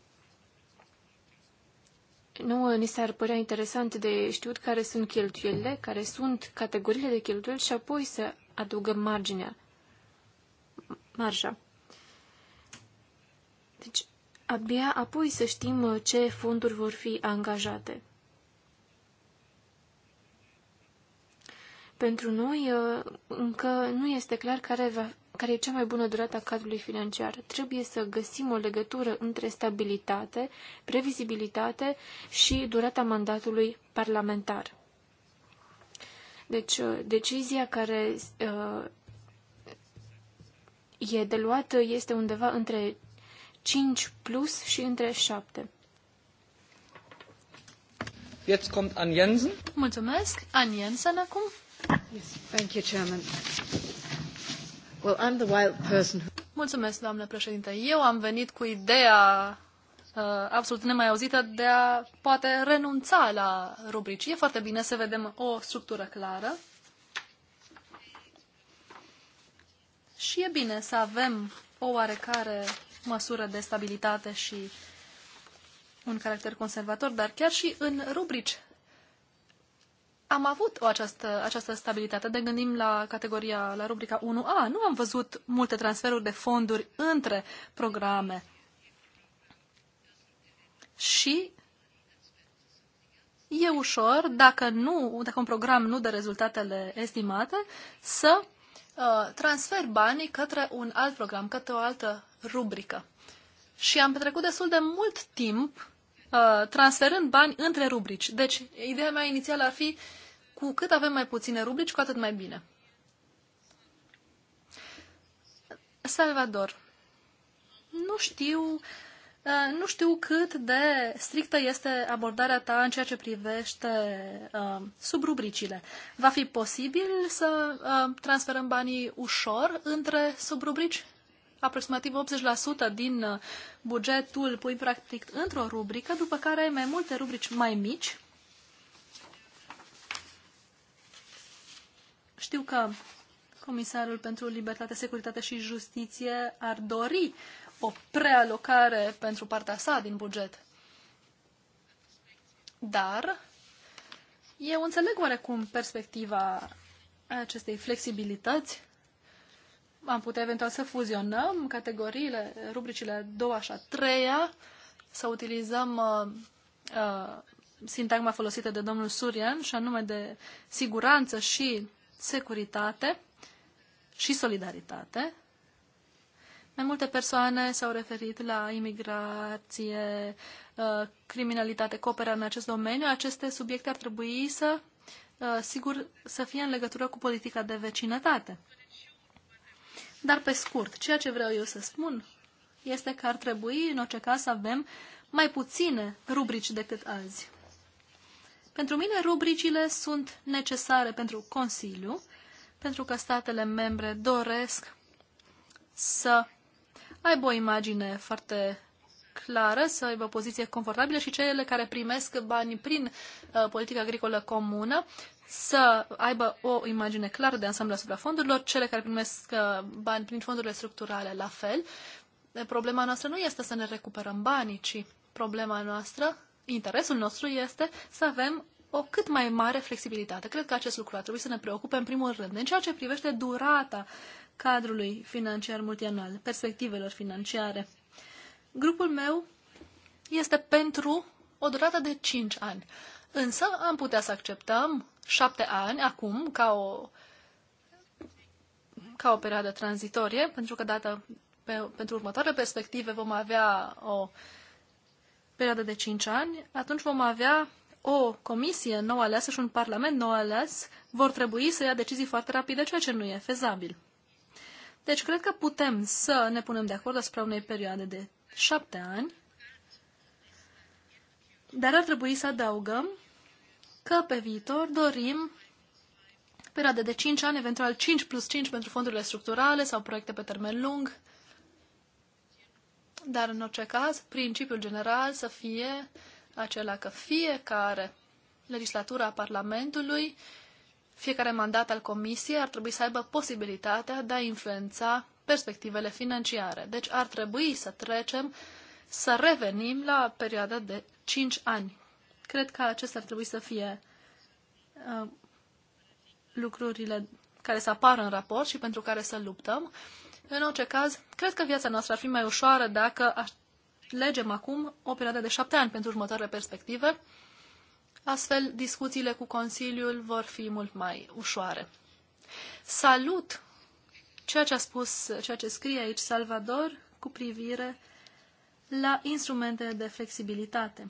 nouă ni s-ar părea interesant de știut care sunt cheltuielile, care sunt categoriile de cheltuieli și apoi să adugăm marginea, marja. Deci, abia apoi să știm uh, ce fonduri vor fi angajate. Pentru noi, uh, încă nu este clar care va care e cea mai bună durată a cadrului financiar. Trebuie să găsim o legătură între stabilitate, previzibilitate și durata mandatului parlamentar. Deci, uh, decizia care uh, e de luat este undeva între 5 plus și între 7. Jetzt kommt Ann Jensen. Mulțumesc. An Jensen acum. Yes. Thank you, Chairman. Well, I'm the wild person Mulțumesc, doamnă președinte. Eu am venit cu ideea uh, absolut nemai auzită de a poate renunța la rubrici. E foarte bine să vedem o structură clară. Și e bine să avem o oarecare măsură de stabilitate și un caracter conservator, dar chiar și în rubrici am avut o această, această stabilitate. De gândim la categoria, la rubrica 1A, nu am văzut multe transferuri de fonduri între programe. Și e ușor, dacă, nu, dacă un program nu dă rezultatele estimate, să uh, transfer banii către un alt program, către o altă rubrică. Și am petrecut destul de mult timp Uh, transferând bani între rubrici. Deci, ideea mea inițială ar fi cu cât avem mai puține rubrici, cu atât mai bine. Salvador. Nu știu, uh, nu știu cât de strictă este abordarea ta în ceea ce privește uh, subrubricile. Va fi posibil să uh, transferăm banii ușor între subrubrici? aproximativ 80% din uh, bugetul pui practic într-o rubrică, după care ai mai multe rubrici mai mici. Știu că Comisarul pentru Libertate, Securitate și Justiție ar dori o prealocare pentru partea sa din buget. Dar eu înțeleg oarecum perspectiva acestei flexibilități am putea eventual să fuzionăm categoriile, rubricile a doua și a treia, să utilizăm uh, uh, sintagma folosită de domnul Surian, și anume de siguranță și securitate și solidaritate. Mai multe persoane s-au referit la imigrație, uh, criminalitate, cooperare în acest domeniu. Aceste subiecte ar trebui să, uh, sigur, să fie în legătură cu politica de vecinătate. Dar pe scurt, ceea ce vreau eu să spun este că ar trebui, în orice caz, să avem mai puține rubrici decât azi. Pentru mine, rubricile sunt necesare pentru Consiliu, pentru că statele membre doresc să aibă o imagine foarte clară, să aibă o poziție confortabilă și cele care primesc bani prin uh, politica agricolă comună să aibă o imagine clară de ansamblu asupra fondurilor, cele care primesc uh, bani prin fondurile structurale la fel. Problema noastră nu este să ne recuperăm banii, ci problema noastră, interesul nostru este să avem o cât mai mare flexibilitate. Cred că acest lucru ar trebui să ne preocupe în primul rând. În ceea ce privește durata cadrului financiar multianual, perspectivelor financiare, grupul meu este pentru o durată de 5 ani. Însă am putea să acceptăm șapte ani acum ca o, ca o perioadă tranzitorie, pentru că data pe, pentru următoarele perspective vom avea o perioadă de cinci ani, atunci vom avea o comisie nouă aleasă și un parlament nou ales vor trebui să ia decizii foarte rapide, ceea ce nu e fezabil. Deci cred că putem să ne punem de acord asupra unei perioade de șapte ani dar ar trebui să adăugăm că pe viitor dorim perioade de 5 ani, eventual 5 plus 5 pentru fondurile structurale sau proiecte pe termen lung. Dar în orice caz, principiul general să fie acela că fiecare legislatură a Parlamentului, fiecare mandat al Comisiei ar trebui să aibă posibilitatea de a influența perspectivele financiare. Deci ar trebui să trecem, să revenim la perioada de 5 ani. Cred că acestea ar trebui să fie uh, lucrurile care să apară în raport și pentru care să luptăm. În orice caz, cred că viața noastră ar fi mai ușoară dacă legem acum o perioadă de șapte ani pentru următoarele perspective. Astfel, discuțiile cu Consiliul vor fi mult mai ușoare. Salut ceea ce a spus, ceea ce scrie aici Salvador cu privire la instrumente de flexibilitate.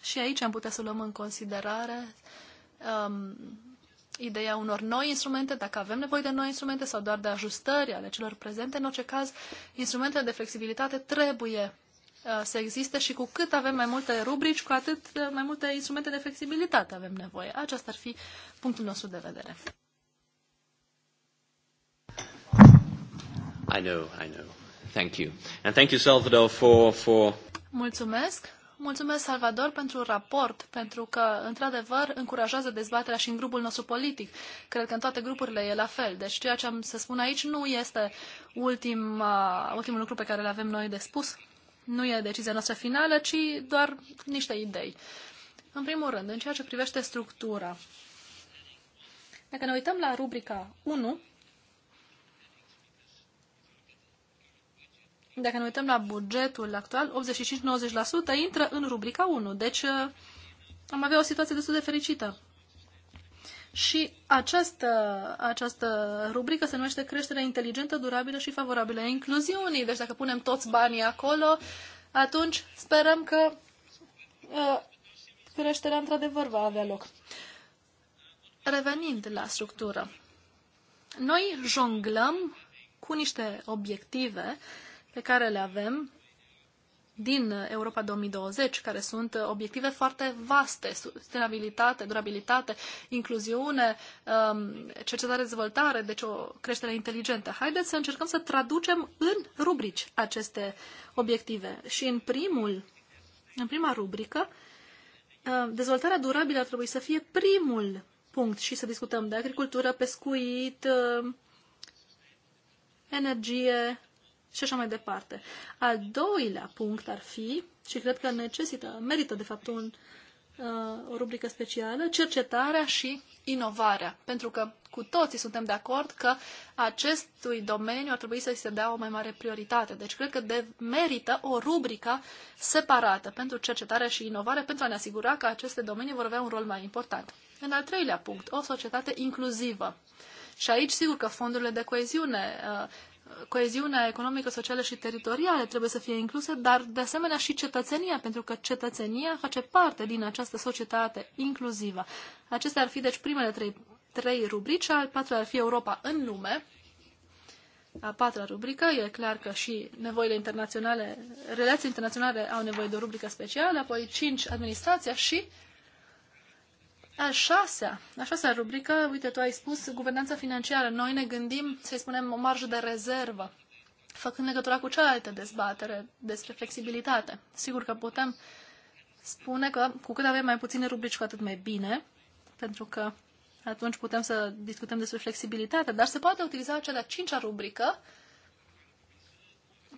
Și aici am putea să luăm în considerare um, ideea unor noi instrumente, dacă avem nevoie de noi instrumente sau doar de ajustări ale celor prezente. În orice caz, instrumentele de flexibilitate trebuie uh, să existe și cu cât avem mai multe rubrici, cu atât uh, mai multe instrumente de flexibilitate avem nevoie. Aceasta ar fi punctul nostru de vedere. I know, I know. Thank you. And thank you, Salvador, for, for... Mulțumesc. Mulțumesc, Salvador, pentru raport, pentru că, într-adevăr, încurajează dezbaterea și în grupul nostru politic. Cred că în toate grupurile e la fel. Deci ceea ce am să spun aici nu este ultim, uh, ultimul lucru pe care îl avem noi de spus. Nu e decizia noastră finală, ci doar niște idei. În primul rând, în ceea ce privește structura. Dacă ne uităm la rubrica 1, dacă ne uităm la bugetul actual, 85-90% intră în rubrica 1. Deci uh, am avea o situație destul de fericită. Și această, această rubrică se numește creșterea inteligentă, durabilă și favorabilă incluziunii. Deci dacă punem toți banii acolo, atunci sperăm că uh, creșterea într-adevăr va avea loc. Revenind la structură, noi jonglăm cu niște obiective uh, pe care le avem din Europa 2020, care sunt obiective foarte vaste, sustenabilitate, durabilitate, incluziune, um, cercetare, dezvoltare, deci o creștere inteligentă. Haideți să încercăm să traducem în rubrici aceste obiective. Și în, primul, în prima rubrică, um, dezvoltarea durabilă ar trebui să fie primul punct și să discutăm de agricultură, pescuit, um, energie, și așa mai departe. Al doilea punct ar fi, și cred că necesită, merită de fapt un, uh, o rubrică specială, cercetarea și inovarea. Pentru că cu toții suntem de acord că acestui domeniu ar trebui să se dea o mai mare prioritate. Deci cred că de merită o rubrică separată pentru cercetare și inovare pentru a ne asigura că aceste domenii vor avea un rol mai important. În al treilea punct, o societate inclusivă. Și aici, sigur că fondurile de coeziune uh, coeziunea economică, socială și teritorială trebuie să fie incluse, dar de asemenea și cetățenia, pentru că cetățenia face parte din această societate inclusivă. Acestea ar fi deci primele trei, trei rubrici, al patrulea ar fi Europa în lume, a patra rubrică, e clar că și nevoile internaționale, relații internaționale au nevoie de o rubrică specială, apoi cinci administrația și a șasea, a șasea rubrică, uite, tu ai spus guvernanța financiară. Noi ne gândim, să-i spunem, o marjă de rezervă, făcând legătura cu cealaltă dezbatere despre flexibilitate. Sigur că putem spune că cu cât avem mai puține rubrici, cu atât mai bine, pentru că atunci putem să discutăm despre flexibilitate, dar se poate utiliza cea de-a cincea rubrică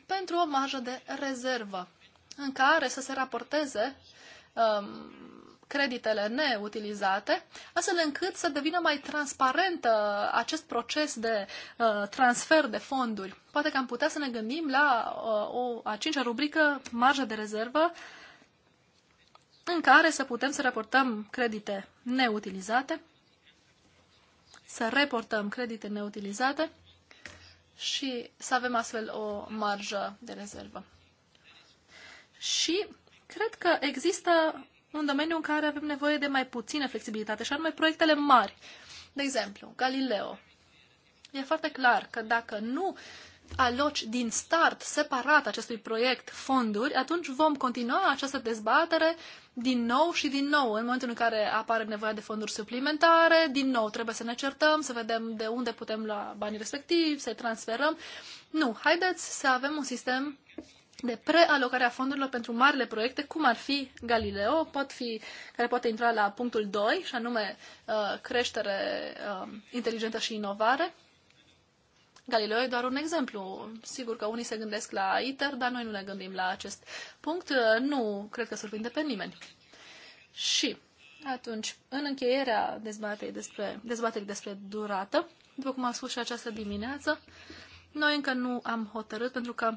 pentru o marjă de rezervă, în care să se raporteze um, creditele neutilizate, astfel încât să devină mai transparent acest proces de uh, transfer de fonduri. Poate că am putea să ne gândim la uh, o a cincea rubrică, marja de rezervă, în care să putem să raportăm credite neutilizate, să reportăm credite neutilizate și să avem astfel o marjă de rezervă. Și cred că există un domeniu în care avem nevoie de mai puțină flexibilitate, și anume proiectele mari. De exemplu, Galileo. E foarte clar că dacă nu aloci din start separat acestui proiect fonduri, atunci vom continua această dezbatere din nou și din nou. În momentul în care apare nevoia de fonduri suplimentare, din nou trebuie să ne certăm, să vedem de unde putem lua banii respectivi, să-i transferăm. Nu, haideți să avem un sistem de prealocarea fondurilor pentru marile proiecte, cum ar fi Galileo, pot fi, care poate intra la punctul 2, și anume uh, creștere um, inteligentă și inovare. Galileo e doar un exemplu. Sigur că unii se gândesc la ITER, dar noi nu ne gândim la acest punct. Uh, nu cred că surprinde pe nimeni. Și atunci, în încheierea dezbaterii despre, dezbaterii despre durată, după cum am spus și această dimineață, noi încă nu am hotărât pentru că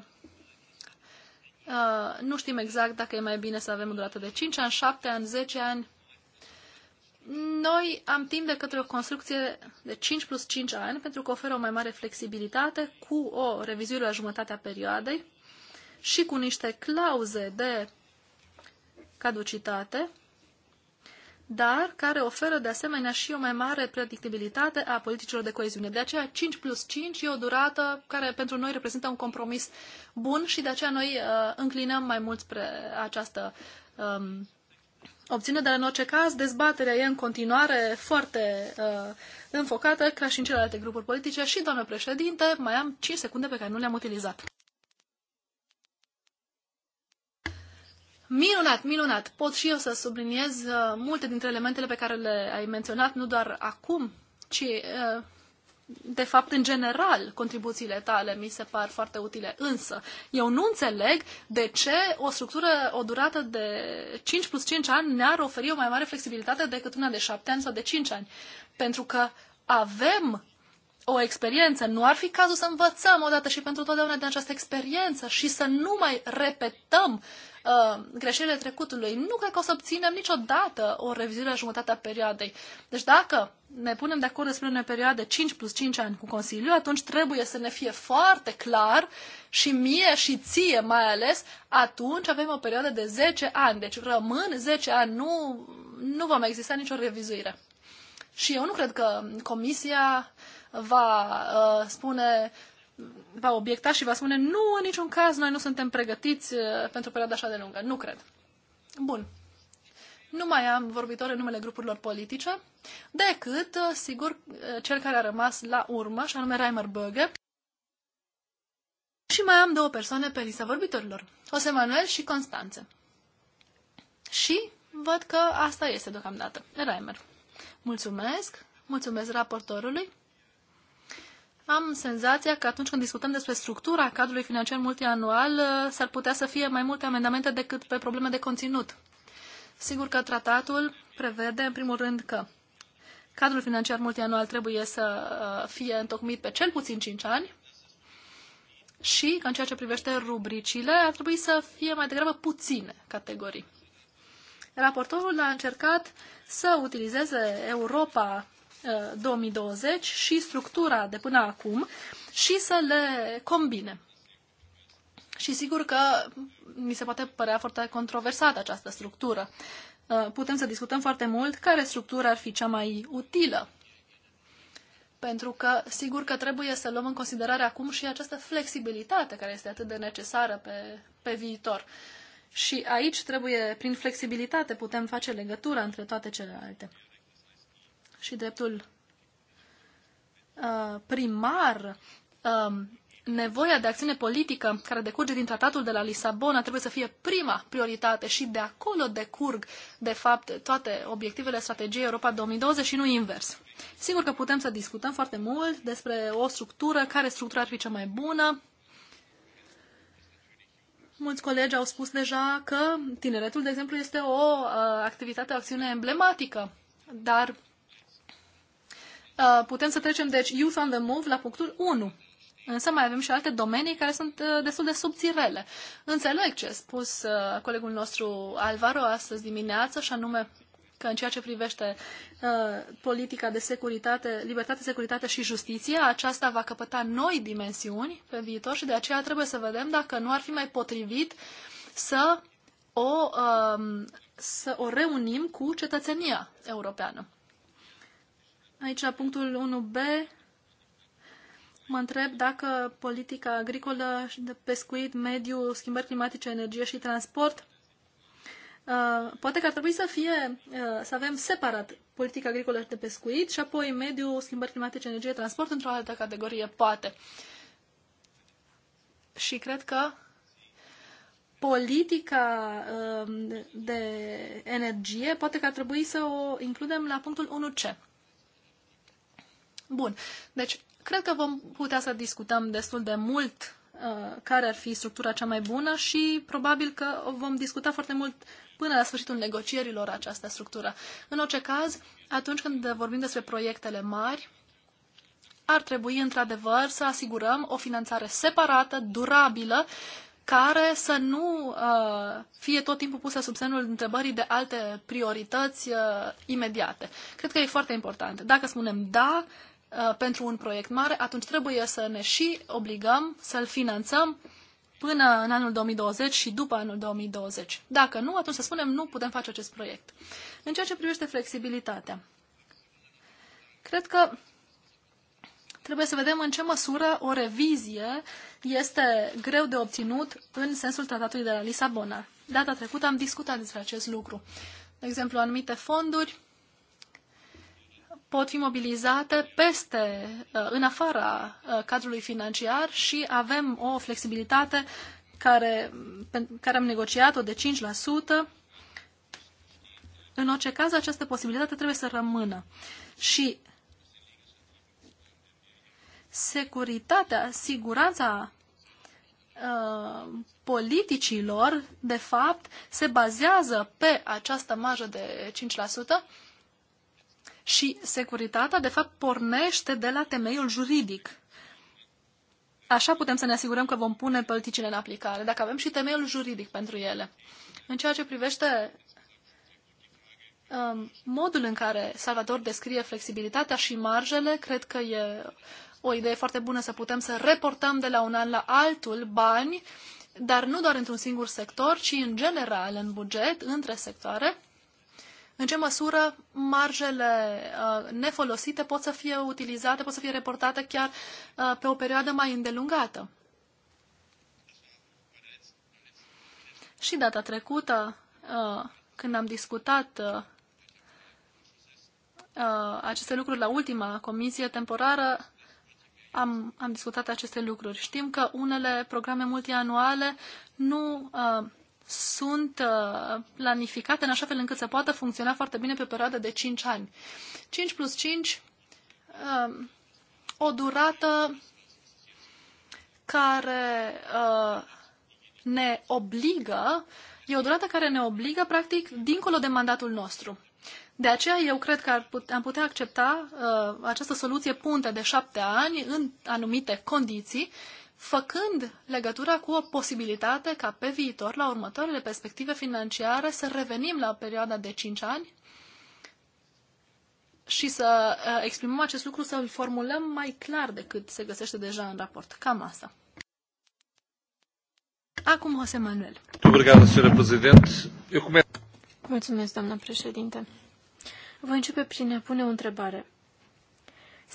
Uh, nu știm exact dacă e mai bine să avem o durată de 5 ani, 7 ani, 10 ani. Noi am timp de către o construcție de 5 plus 5 ani pentru că oferă o mai mare flexibilitate cu o revizuire la jumătatea perioadei și cu niște clauze de caducitate dar care oferă de asemenea și o mai mare predictibilitate a politicilor de coeziune. De aceea 5 plus 5 e o durată care pentru noi reprezintă un compromis bun și de aceea noi uh, înclinăm mai mult spre această um, opțiune, dar în orice caz dezbaterea e în continuare foarte uh, înfocată, ca și în celelalte grupuri politice. Și, doamnă președinte, mai am 5 secunde pe care nu le-am utilizat. Minunat, minunat! Pot și eu să subliniez uh, multe dintre elementele pe care le ai menționat, nu doar acum, ci, uh, de fapt, în general, contribuțiile tale mi se par foarte utile. Însă, eu nu înțeleg de ce o structură, o durată de 5 plus 5 ani ne-ar oferi o mai mare flexibilitate decât una de 7 ani sau de 5 ani. Pentru că avem o experiență. Nu ar fi cazul să învățăm odată și pentru totdeauna din această experiență și să nu mai repetăm uh, Uh, greșelile trecutului, nu cred că o să obținem niciodată o revizuire la jumătatea perioadei. Deci dacă ne punem de acord despre o perioadă 5 plus 5 ani cu Consiliul, atunci trebuie să ne fie foarte clar și mie și ție mai ales, atunci avem o perioadă de 10 ani. Deci rămân 10 ani, nu, nu va mai exista nicio revizuire. Și eu nu cred că Comisia va uh, spune va obiecta și va spune nu, în niciun caz, noi nu suntem pregătiți uh, pentru o perioadă așa de lungă. Nu cred. Bun. Nu mai am vorbitori în numele grupurilor politice, decât, uh, sigur, uh, cel care a rămas la urmă, și anume Reimer Böge. Și mai am două persoane pe lista vorbitorilor, Jose Manuel și Constanțe. Și văd că asta este deocamdată. Reimer. Mulțumesc, mulțumesc raportorului am senzația că atunci când discutăm despre structura cadrului financiar multianual, uh, s-ar putea să fie mai multe amendamente decât pe probleme de conținut. Sigur că tratatul prevede, în primul rând, că cadrul financiar multianual trebuie să uh, fie întocmit pe cel puțin 5 ani și că în ceea ce privește rubricile ar trebui să fie mai degrabă puține categorii. Raportorul a încercat să utilizeze Europa 2020 uh, și structura de până acum și să le combine. Și sigur că mi se poate părea foarte controversată această structură. Uh, putem să discutăm foarte mult care structură ar fi cea mai utilă. Pentru că sigur că trebuie să luăm în considerare acum și această flexibilitate care este atât de necesară pe, pe viitor. Și aici trebuie, prin flexibilitate, putem face legătura între toate celelalte și dreptul uh, primar, um, nevoia de acțiune politică care decurge din tratatul de la Lisabona trebuie să fie prima prioritate și de acolo decurg, de fapt, toate obiectivele strategiei Europa 2020 și nu invers. Sigur că putem să discutăm foarte mult despre o structură, care structură ar fi cea mai bună. Mulți colegi au spus deja că tineretul, de exemplu, este o uh, activitate, o acțiune emblematică, dar Uh, putem să trecem, deci, Youth on the Move la punctul 1. Însă mai avem și alte domenii care sunt uh, destul de subțirele. Înțeleg ce a spus uh, colegul nostru Alvaro astăzi dimineață, și anume că în ceea ce privește uh, politica de securitate, libertate, securitate și justiție, aceasta va căpăta noi dimensiuni pe viitor și de aceea trebuie să vedem dacă nu ar fi mai potrivit să o, uh, să o reunim cu cetățenia europeană. Aici, punctul 1b, mă întreb dacă politica agricolă, de pescuit, mediu, schimbări climatice, energie și transport, uh, poate că ar trebui să fie, uh, să avem separat politica agricolă și de pescuit și apoi mediu, schimbări climatice, energie, transport într-o altă categorie, poate. Și cred că politica uh, de energie, poate că ar trebui să o includem la punctul 1C. Bun. Deci, cred că vom putea să discutăm destul de mult uh, care ar fi structura cea mai bună și probabil că o vom discuta foarte mult până la sfârșitul negocierilor această structură. În orice caz, atunci când vorbim despre proiectele mari, ar trebui într-adevăr să asigurăm o finanțare separată, durabilă, care să nu uh, fie tot timpul pusă sub semnul întrebării de alte priorități uh, imediate. Cred că e foarte important. Dacă spunem da, Uh, pentru un proiect mare, atunci trebuie să ne și obligăm să-l finanțăm până în anul 2020 și după anul 2020. Dacă nu, atunci să spunem nu putem face acest proiect. În ceea ce privește flexibilitatea, cred că trebuie să vedem în ce măsură o revizie este greu de obținut în sensul tratatului de la Lisabona. Data trecută am discutat despre acest lucru. De exemplu, anumite fonduri pot fi mobilizate peste, uh, în afara uh, cadrului financiar și avem o flexibilitate care, pe care am negociat-o de 5%. În orice caz, această posibilitate trebuie să rămână. Și securitatea, siguranța uh, politicilor, de fapt, se bazează pe această marjă de și securitatea, de fapt, pornește de la temeiul juridic. Așa putem să ne asigurăm că vom pune politicile în aplicare, dacă avem și temeiul juridic pentru ele. În ceea ce privește um, modul în care Salvador descrie flexibilitatea și marjele, cred că e o idee foarte bună să putem să reportăm de la un an la altul bani, dar nu doar într-un singur sector, ci în general în buget, între sectoare în ce măsură marjele uh, nefolosite pot să fie utilizate, pot să fie reportate chiar uh, pe o perioadă mai îndelungată. Și data trecută, uh, când am discutat uh, uh aceste lucruri la ultima comisie temporară, am, am discutat aceste lucruri. Știm că unele programe multianuale nu uh, sunt uh, planificate în așa fel încât să poată funcționa foarte bine pe o perioadă de 5 ani. 5 plus 5, um, o durată care uh, ne obligă, e o durată care ne obligă, practic, dincolo de mandatul nostru. De aceea eu cred că ar am putea accepta uh, această soluție punte de șapte ani în anumite condiții făcând legătura cu o posibilitate ca pe viitor, la următoarele perspective financiare, să revenim la perioada de 5 ani și să uh, exprimăm acest lucru, să îl formulăm mai clar decât se găsește deja în raport. Cam asta. Acum, José Manuel. Mulțumesc, doamna președinte. Voi începe prin a pune o întrebare.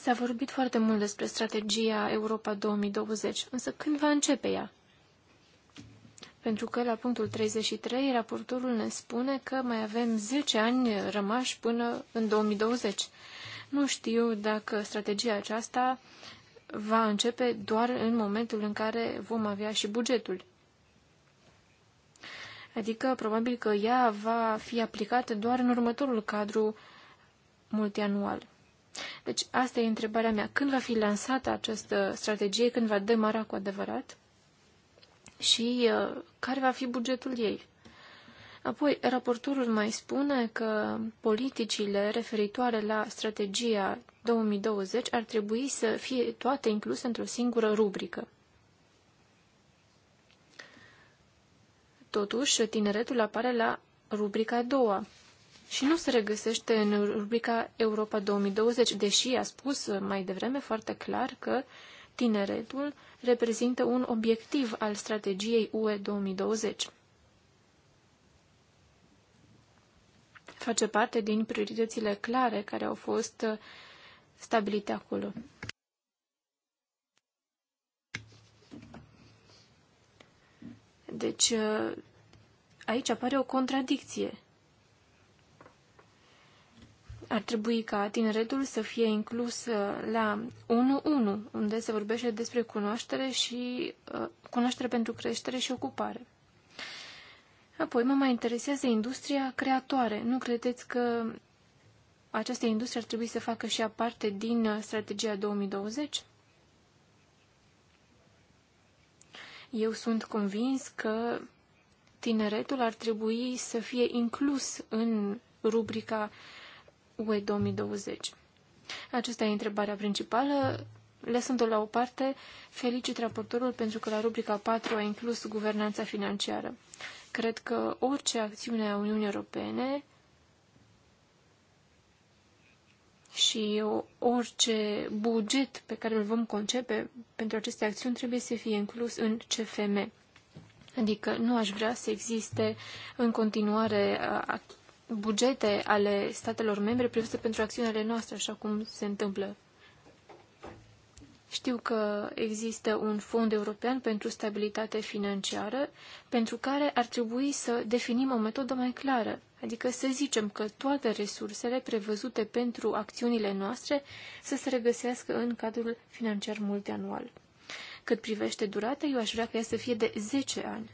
S-a vorbit foarte mult despre strategia Europa 2020, însă când va începe ea? Pentru că la punctul 33 raportorul ne spune că mai avem 10 ani rămași până în 2020. Nu știu dacă strategia aceasta va începe doar în momentul în care vom avea și bugetul. Adică probabil că ea va fi aplicată doar în următorul cadru multianual. Deci asta e întrebarea mea. Când va fi lansată această strategie? Când va demara cu adevărat? Și uh, care va fi bugetul ei? Apoi, raportorul mai spune că politicile referitoare la strategia 2020 ar trebui să fie toate incluse într-o singură rubrică. Totuși, tineretul apare la rubrica a doua și nu se regăsește în rubrica Europa 2020, deși a spus mai devreme foarte clar că tineretul reprezintă un obiectiv al strategiei UE 2020. Face parte din prioritățile clare care au fost stabilite acolo. Deci, aici apare o contradicție. Ar trebui ca tineretul să fie inclus uh, la 1.1, unde se vorbește despre cunoaștere și uh, cunoaștere pentru creștere și ocupare. Apoi mă mai interesează industria creatoare. Nu credeți că această industrie ar trebui să facă și aparte din uh, strategia 2020? Eu sunt convins că tineretul ar trebui să fie inclus în rubrica uh, UE 2020? Aceasta e întrebarea principală. Lăsând-o la o parte, felicit raportorul pentru că la rubrica 4 a inclus guvernanța financiară. Cred că orice acțiune a Uniunii Europene și orice buget pe care îl vom concepe pentru aceste acțiuni trebuie să fie inclus în CFM. Adică nu aș vrea să existe în continuare bugete ale statelor membre prevăzute pentru acțiunile noastre, așa cum se întâmplă. Știu că există un fond european pentru stabilitate financiară, pentru care ar trebui să definim o metodă mai clară, adică să zicem că toate resursele prevăzute pentru acțiunile noastre să se regăsească în cadrul financiar multianual. Cât privește durata, eu aș vrea ca ea să fie de 10 ani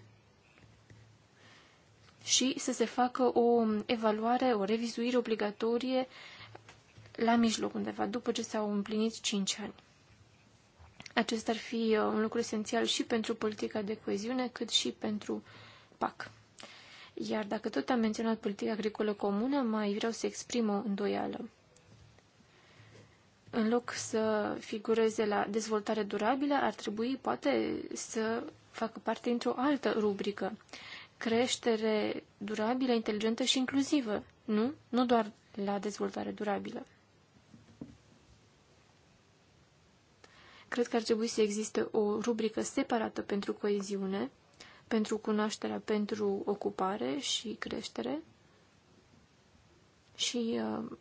și să se facă o evaluare, o revizuire obligatorie la mijloc undeva, după ce s-au împlinit 5 ani. Acesta ar fi uh, un lucru esențial și pentru politica de coeziune, cât și pentru PAC. Iar dacă tot am menționat politica agricolă comună, mai vreau să exprim o îndoială. În loc să figureze la dezvoltare durabilă, ar trebui poate să facă parte într-o altă rubrică creștere durabilă, inteligentă și inclusivă, nu? Nu doar la dezvoltare durabilă. Cred că ar trebui să existe o rubrică separată pentru coeziune, pentru cunoașterea, pentru ocupare și creștere. Și uh,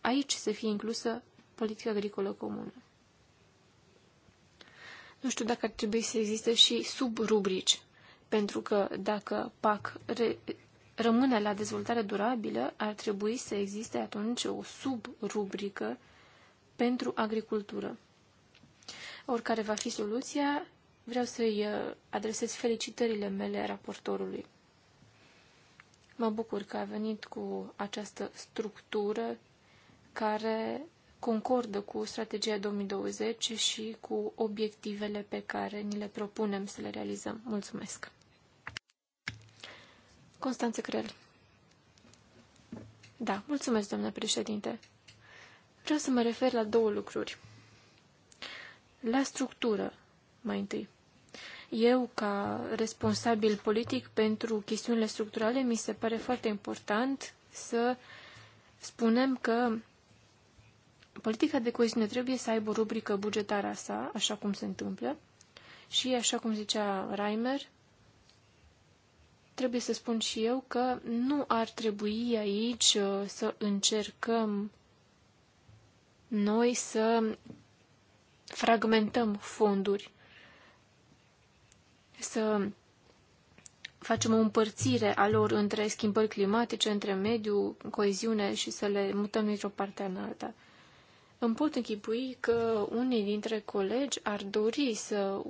aici să fie inclusă politica agricolă comună. Nu știu dacă ar trebui să existe și subrubrici pentru că dacă PAC rămâne la dezvoltare durabilă, ar trebui să existe atunci o subrubrică pentru agricultură. Oricare va fi soluția, vreau să-i uh, adresez felicitările mele raportorului. Mă bucur că a venit cu această structură care concordă cu strategia 2020 și cu obiectivele pe care ni le propunem să le realizăm. Mulțumesc! Constanță Crel. Da, mulțumesc, domnule președinte. Vreau să mă refer la două lucruri. La structură, mai întâi. Eu, ca responsabil politic pentru chestiunile structurale, mi se pare foarte important să spunem că politica de coeziune trebuie să aibă o rubrică bugetară a sa, așa cum se întâmplă, și, așa cum zicea Reimer, trebuie să spun și eu că nu ar trebui aici uh, să încercăm noi să fragmentăm fonduri, să facem o împărțire a lor între schimbări climatice, între mediu, coeziune și să le mutăm dintr-o parte în alta. Îmi pot închipui că unii dintre colegi ar dori să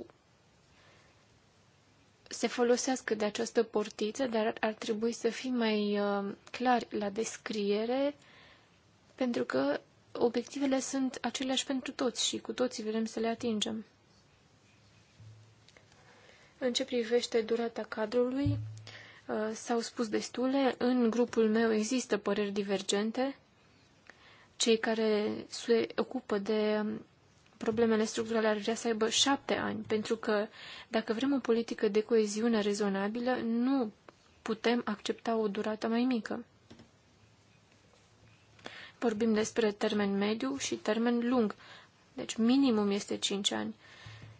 se folosească de această portiță, dar ar trebui să fim mai uh, clari la descriere, pentru că obiectivele sunt aceleași pentru toți și cu toții vrem să le atingem. În ce privește durata cadrului, uh, s-au spus destule, în grupul meu există păreri divergente. Cei care se ocupă de um, problemele structurale ar vrea să aibă șapte ani, pentru că dacă vrem o politică de coeziune rezonabilă, nu putem accepta o durată mai mică. Vorbim despre termen mediu și termen lung, deci minimum este 5 ani.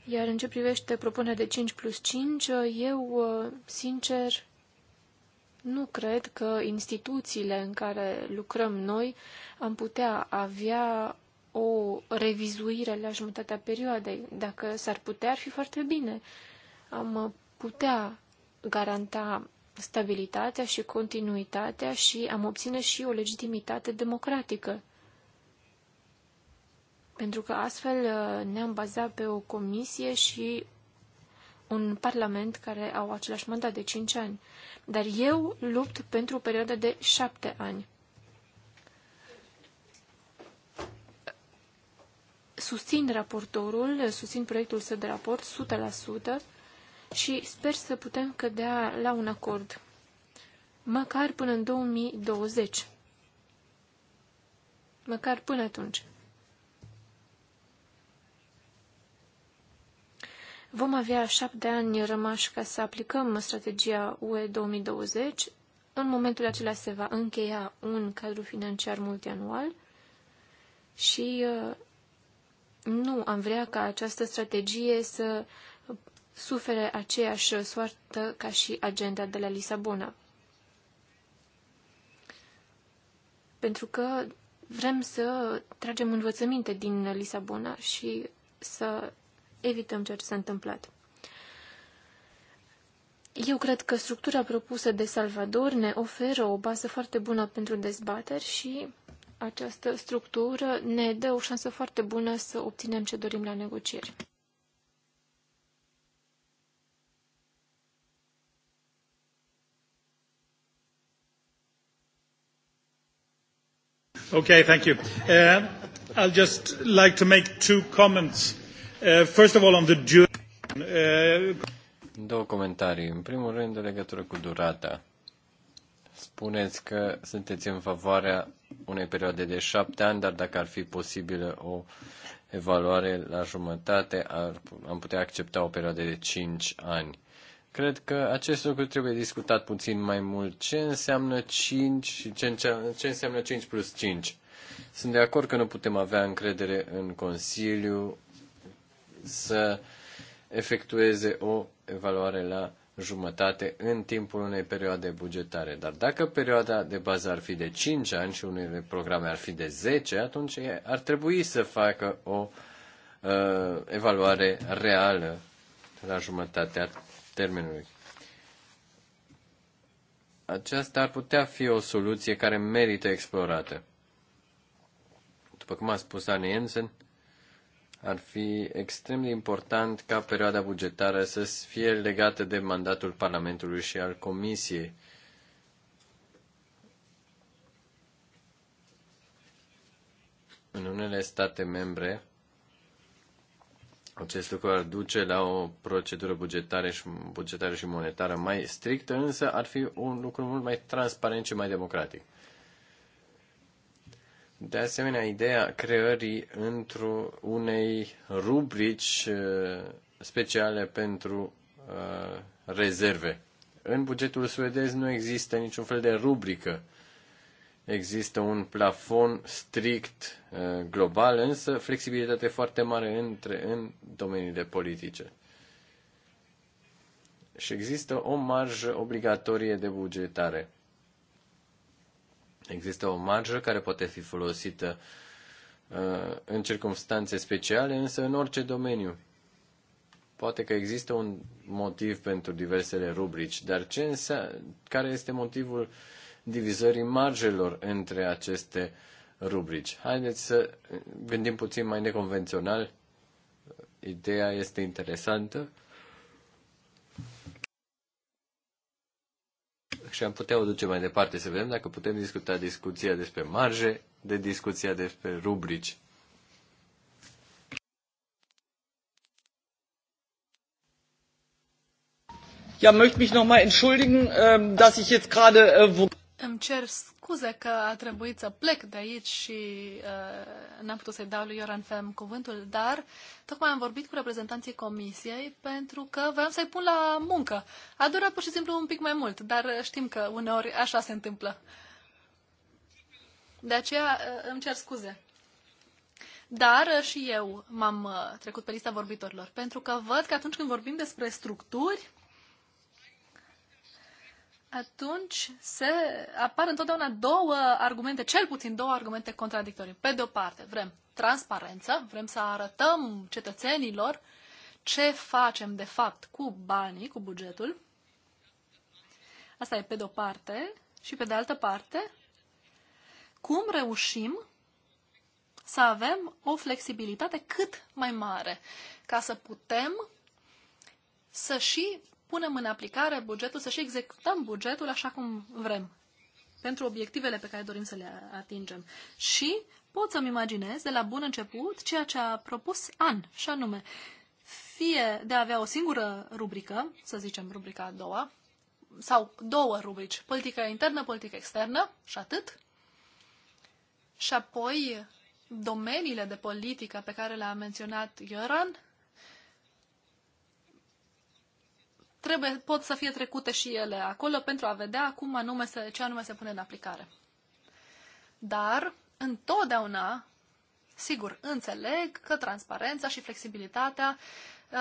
Iar în ce privește propunerea de 5 plus 5, eu, sincer, nu cred că instituțiile în care lucrăm noi am putea avea o revizuire la jumătatea perioadei. Dacă s-ar putea, ar fi foarte bine. Am putea garanta stabilitatea și continuitatea și am obține și o legitimitate democratică. Pentru că astfel uh, ne-am bazat pe o comisie și un parlament care au același mandat de 5 ani. Dar eu lupt pentru o perioadă de 7 ani. susțin raportorul, susțin proiectul său de raport 100% și sper să putem cădea la un acord, măcar până în 2020. Măcar până atunci. Vom avea șapte ani rămași ca să aplicăm strategia UE 2020. În momentul acela se va încheia un cadru financiar multianual și uh, nu am vrea ca această strategie să sufere aceeași soartă ca și agenda de la Lisabona. Pentru că vrem să tragem învățăminte din Lisabona și să evităm ceea ce s-a întâmplat. Eu cred că structura propusă de Salvador ne oferă o bază foarte bună pentru dezbateri și această structură ne dă o șansă foarte bună să obținem ce dorim la negocieri. Okay, thank you. Uh, I'll just like to make two comments. Uh, first of all, on the duration. Uh... Două comentarii. În primul rând, în legătură cu durata spuneți că sunteți în favoarea unei perioade de șapte ani, dar dacă ar fi posibilă o evaluare la jumătate, ar, am putea accepta o perioadă de cinci ani. Cred că acest lucru trebuie discutat puțin mai mult. Ce înseamnă 5 și ce, înseamnă, ce înseamnă 5 plus 5? Sunt de acord că nu putem avea încredere în Consiliu să efectueze o evaluare la jumătate în timpul unei perioade bugetare. Dar dacă perioada de bază ar fi de 5 ani și unele programe ar fi de 10, atunci ar trebui să facă o uh, evaluare reală la jumătatea termenului. Aceasta ar putea fi o soluție care merită explorată. După cum a spus Anne Jensen, ar fi extrem de important ca perioada bugetară să fie legată de mandatul Parlamentului și al Comisiei. În unele state membre, acest lucru ar duce la o procedură bugetară și, bugetară și monetară mai strictă, însă ar fi un lucru mult mai transparent și mai democratic. De asemenea, ideea creării într-o unei rubrici uh, speciale pentru uh, rezerve. În bugetul suedez nu există niciun fel de rubrică. Există un plafon strict uh, global, însă flexibilitate foarte mare între în domeniile politice. Și există o marjă obligatorie de bugetare Există o marjă care poate fi folosită uh, în circunstanțe speciale, însă în orice domeniu. Poate că există un motiv pentru diversele rubrici, dar ce însă, care este motivul divizării marjelor între aceste rubrici? Haideți să gândim puțin mai neconvențional. Ideea este interesantă și am putea o duce mai departe, să vedem dacă putem discuta discuția despre marje, de discuția despre rubrici. Ja, möchte mich nochmal entschuldigen, ähm, dass ich jetzt gerade... Äh, Îmi cer scuze că a trebuit să plec de aici și uh, n-am putut să-i dau lui Ioran Fem cuvântul, dar tocmai am vorbit cu reprezentanții comisiei pentru că vreau să-i pun la muncă. A durat pur și simplu un pic mai mult, dar știm că uneori așa se întâmplă. De aceea uh, îmi cer scuze. Dar uh, și eu m-am uh, trecut pe lista vorbitorilor, pentru că văd că atunci când vorbim despre structuri, atunci se apar întotdeauna două argumente, cel puțin două argumente contradictorii. Pe de o parte, vrem transparență, vrem să arătăm cetățenilor ce facem de fapt cu banii, cu bugetul. Asta e pe de o parte. Și pe de altă parte, cum reușim să avem o flexibilitate cât mai mare ca să putem să și punem în aplicare bugetul, să și executăm bugetul așa cum vrem, pentru obiectivele pe care dorim să le atingem. Și pot să-mi imaginez de la bun început ceea ce a propus An, și anume, fie de a avea o singură rubrică, să zicem rubrica a doua, sau două rubrici, politică internă, politică externă și atât. Și apoi domeniile de politică pe care le-a menționat Ioran, trebuie, pot să fie trecute și ele acolo pentru a vedea cum anume se, ce anume se pune în aplicare. Dar, întotdeauna, sigur, înțeleg că transparența și flexibilitatea uh,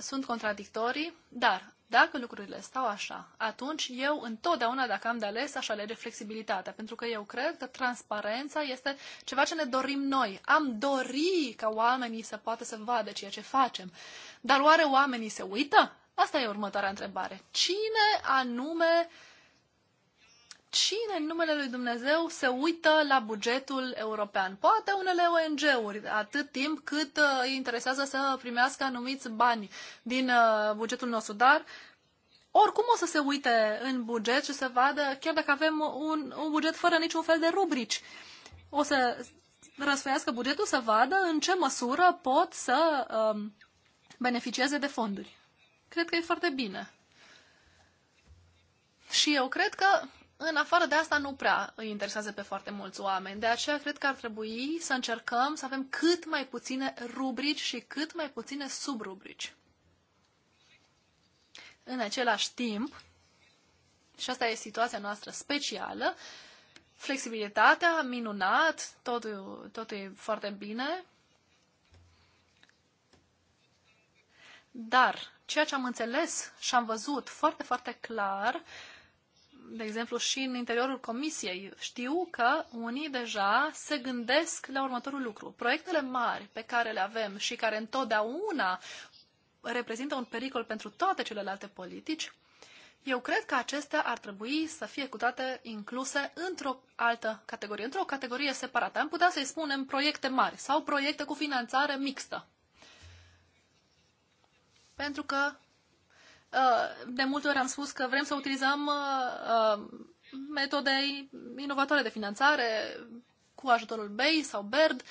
sunt contradictorii, dar dacă lucrurile stau așa, atunci eu întotdeauna, dacă am de ales, aș alege flexibilitatea, pentru că eu cred că transparența este ceva ce ne dorim noi. Am dori ca oamenii să poată să vadă ceea ce facem. Dar oare oamenii se uită Asta e următoarea întrebare. Cine anume, cine în numele lui Dumnezeu se uită la bugetul european? Poate unele ONG-uri, atât timp cât uh, îi interesează să primească anumiți bani din uh, bugetul nostru, dar oricum o să se uite în buget și să vadă, chiar dacă avem un, un buget fără niciun fel de rubrici, o să răsfăiască bugetul să vadă în ce măsură pot să um, beneficieze de fonduri cred că e foarte bine. Și eu cred că, în afară de asta, nu prea îi interesează pe foarte mulți oameni. De aceea, cred că ar trebui să încercăm să avem cât mai puține rubrici și cât mai puține subrubrici. În același timp, și asta e situația noastră specială, flexibilitatea, minunat, totul, totul e foarte bine, Dar ceea ce am înțeles și am văzut foarte, foarte clar, de exemplu și în interiorul comisiei, știu că unii deja se gândesc la următorul lucru. Proiectele mari pe care le avem și care întotdeauna reprezintă un pericol pentru toate celelalte politici, eu cred că acestea ar trebui să fie cu toate incluse într-o altă categorie, într-o categorie separată. Am putea să-i spunem proiecte mari sau proiecte cu finanțare mixtă. Pentru că uh, de multe ori am spus că vrem să utilizăm uh, uh, metode inovatoare de finanțare cu ajutorul BEI sau BERD,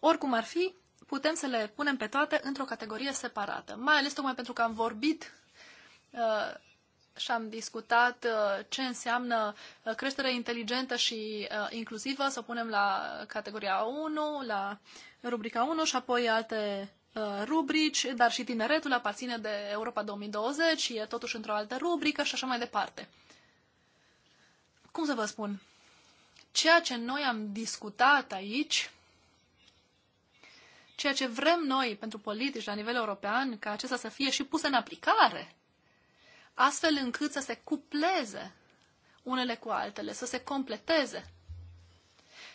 oricum ar fi, putem să le punem pe toate într-o categorie separată. Mai ales tocmai pentru că am vorbit și am discutat ce înseamnă creștere inteligentă și inclusivă, să o punem la categoria 1, la rubrica 1 și apoi alte Uh, rubrici, dar și tineretul aparține de Europa 2020 și e totuși într-o altă rubrică și așa mai departe. Cum să vă spun? Ceea ce noi am discutat aici, ceea ce vrem noi pentru politici la nivel european, ca acesta să fie și pus în aplicare, astfel încât să se cupleze unele cu altele, să se completeze.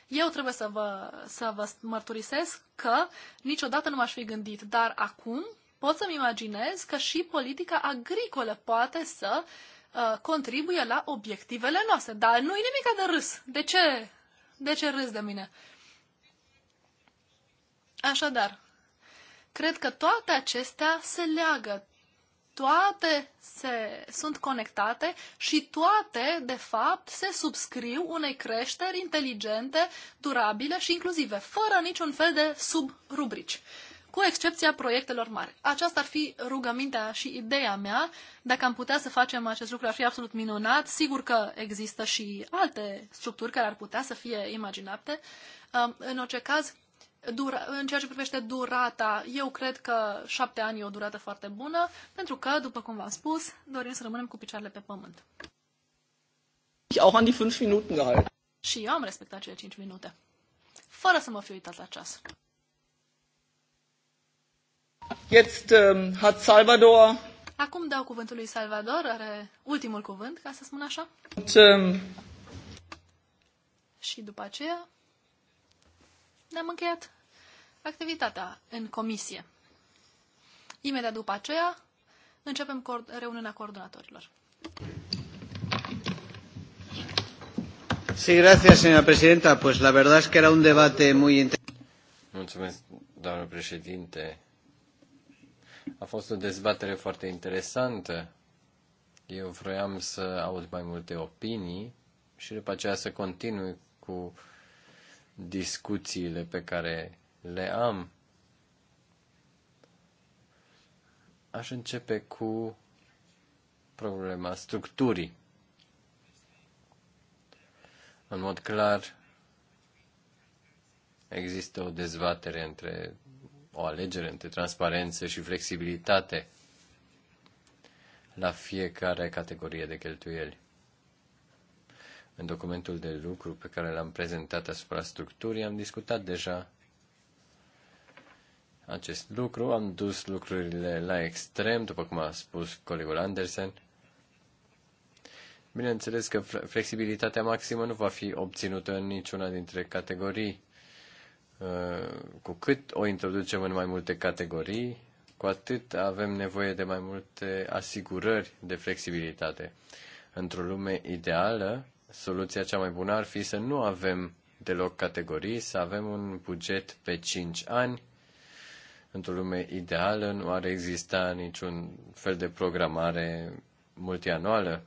Eu trebuie să vă, să vă mărturisesc că niciodată nu m-aș fi gândit, dar acum pot să-mi imaginez că și politica agricolă poate să uh, contribuie la obiectivele noastre. Dar nu e nimic de râs. De ce, de ce râs de mine? Așadar, cred că toate acestea se leagă toate se, sunt conectate și toate, de fapt, se subscriu unei creșteri inteligente, durabile și inclusive, fără niciun fel de subrubrici cu excepția proiectelor mari. Aceasta ar fi rugămintea și ideea mea. Dacă am putea să facem acest lucru, ar fi absolut minunat. Sigur că există și alte structuri care ar putea să fie imaginate. În orice caz, dura, în ceea ce privește durata, eu cred că șapte ani e o durată foarte bună, pentru că, după cum v-am spus, dorim să rămânem cu picioarele pe pământ. Auch an die Și eu am respectat cele cinci minute, fără să mă fi uitat la ceas. Jetzt um, hat Salvador. Acum dau cuvântul lui Salvador, are ultimul cuvânt, ca să spun așa. Und, um... Și după aceea ne-am încheiat activitatea în comisie. Imediat după aceea, începem reuniunea coordonatorilor. Sí, gracias, señora presidenta. Pues la verdad es que era un debate muy interesante. Mulțumesc, doamnă președinte. A fost o dezbatere foarte interesantă. Eu vroiam să aud mai multe opinii și după aceea să continui cu discuțiile pe care le am. Aș începe cu problema structurii. În mod clar, există o dezbatere între o alegere între transparență și flexibilitate la fiecare categorie de cheltuieli. În documentul de lucru pe care l-am prezentat asupra structurii am discutat deja acest lucru, am dus lucrurile la extrem, după cum a spus colegul Andersen. Bineînțeles că flexibilitatea maximă nu va fi obținută în niciuna dintre categorii. Uh, cu cât o introducem în mai multe categorii, cu atât avem nevoie de mai multe asigurări de flexibilitate. Într-o lume ideală, soluția cea mai bună ar fi să nu avem deloc categorii, să avem un buget pe 5 ani. Într-o lume ideală nu ar exista niciun fel de programare multianuală,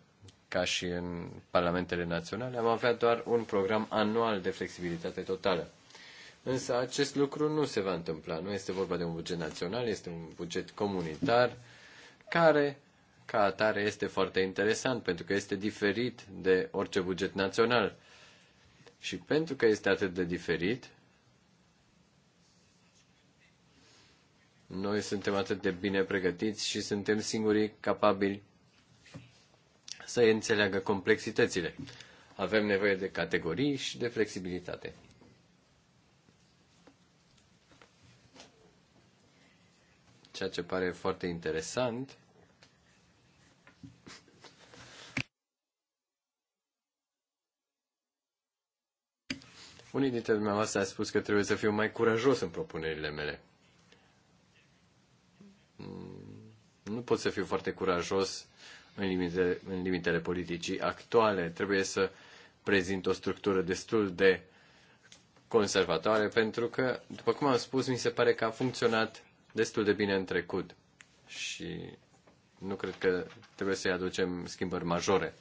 ca și în parlamentele naționale, am avea doar un program anual de flexibilitate totală. Însă acest lucru nu se va întâmpla. Nu este vorba de un buget național, este un buget comunitar care ca atare este foarte interesant, pentru că este diferit de orice buget național. Și pentru că este atât de diferit, noi suntem atât de bine pregătiți și suntem singurii capabili să înțeleagă complexitățile. Avem nevoie de categorii și de flexibilitate. Ceea ce pare foarte interesant Unii dintre dumneavoastră a spus că trebuie să fiu mai curajos în propunerile mele. Mm, nu pot să fiu foarte curajos în, limite, în limitele politicii actuale. Trebuie să prezint o structură destul de conservatoare, pentru că, după cum am spus, mi se pare că a funcționat destul de bine în trecut și nu cred că trebuie să-i aducem schimbări majore.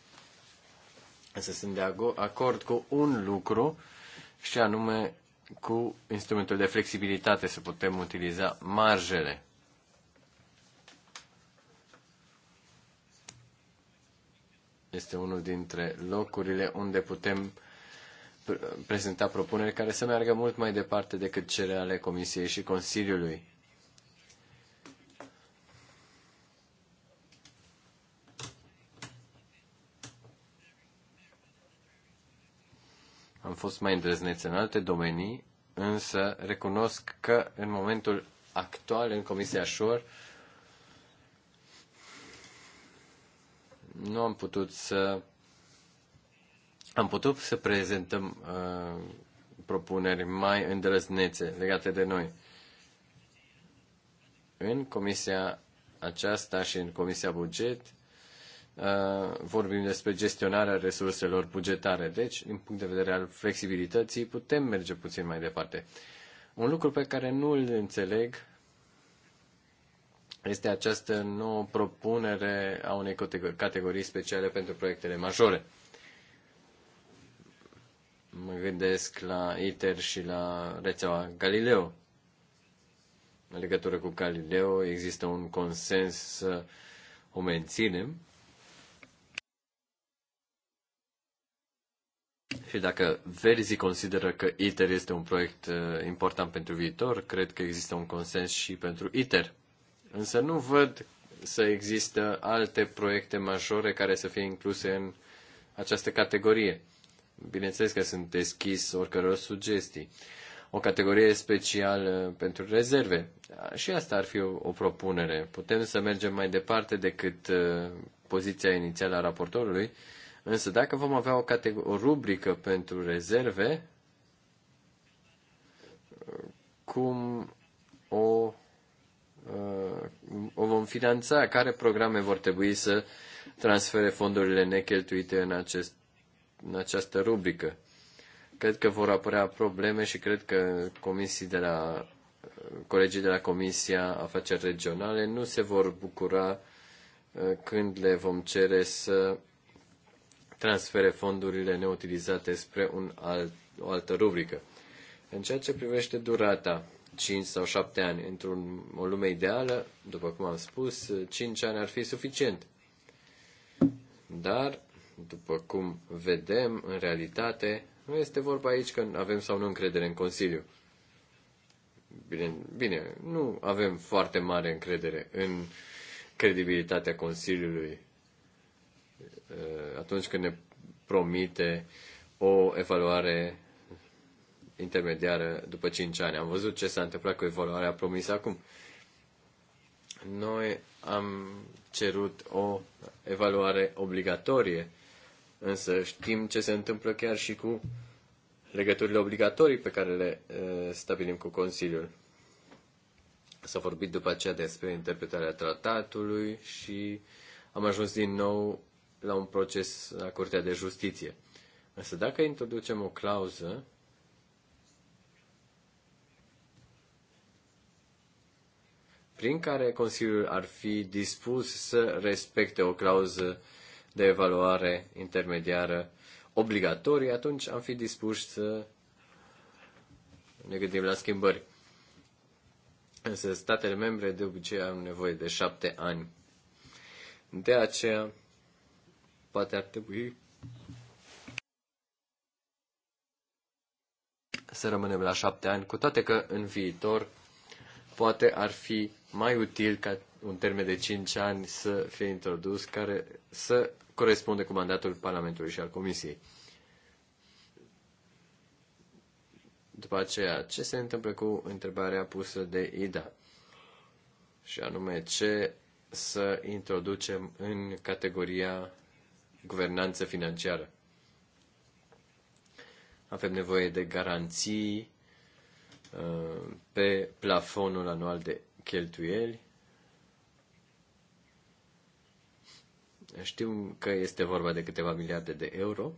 Însă sunt de acord cu un lucru și anume cu instrumentul de flexibilitate să putem utiliza marjele. Este unul dintre locurile unde putem prezenta propuneri care să meargă mult mai departe decât cele ale Comisiei și Consiliului Am fost mai îndrăzneți în alte domenii, însă recunosc că în momentul actual în Comisia Șor nu am putut să am putut să prezentăm uh, propuneri mai îndrăznețe legate de noi. În comisia aceasta și în comisia buget Uh, vorbim despre gestionarea resurselor bugetare. Deci, din punct de vedere al flexibilității, putem merge puțin mai departe. Un lucru pe care nu îl înțeleg este această nouă propunere a unei categorii speciale pentru proiectele majore. Mă gândesc la ITER și la rețeaua Galileo. În legătură cu Galileo există un consens să o menținem, Și dacă Verzi consideră că ITER este un proiect uh, important pentru viitor, cred că există un consens și pentru ITER. Însă nu văd să există alte proiecte majore care să fie incluse în această categorie. Bineînțeles că sunt deschis oricăror sugestii. O categorie specială pentru rezerve. Și asta ar fi o, o propunere. Putem să mergem mai departe decât uh, poziția inițială a raportorului Însă dacă vom avea o, o rubrică pentru rezerve, cum o, uh, o vom finanța, care programe vor trebui să transfere fondurile necheltuite în, acest, în această rubrică. Cred că vor apărea probleme și cred că comisii de la, colegii de la Comisia Afaceri Regionale nu se vor bucura uh, când le vom cere să transfere fondurile neutilizate spre un alt, o altă rubrică. În ceea ce privește durata, 5 sau 7 ani, într-un, o lume ideală, după cum am spus, 5 ani ar fi suficient. Dar, după cum vedem, în realitate, nu este vorba aici că avem sau nu încredere în Consiliu. Bine, bine, nu avem foarte mare încredere în credibilitatea Consiliului Eh, atunci când ne promite o evaluare intermediară după 5 ani. Am văzut ce s-a întâmplat cu evaluarea promisă acum. Noi am cerut o evaluare obligatorie, însă știm ce se întâmplă chiar și cu legăturile obligatorii pe care le uh, stabilim cu Consiliul. S-a vorbit după aceea despre interpretarea tratatului și am ajuns din nou la un proces la Curtea de Justiție. Însă dacă introducem o clauză prin care Consiliul ar fi dispus să respecte o clauză de evaluare intermediară obligatorie, atunci am fi dispuși să ne gândim la schimbări. Însă statele membre de obicei au nevoie de șapte ani. De aceea Poate ar trebui să rămânem la șapte ani, cu toate că în viitor poate ar fi mai util ca un termen de cinci ani să fie introdus care să corespunde cu mandatul Parlamentului și al Comisiei. După aceea, ce se întâmplă cu întrebarea pusă de Ida? Și anume, ce să introducem în categoria guvernanță financiară. Avem nevoie de garanții uh, pe plafonul anual de cheltuieli. Știu că este vorba de câteva miliarde de euro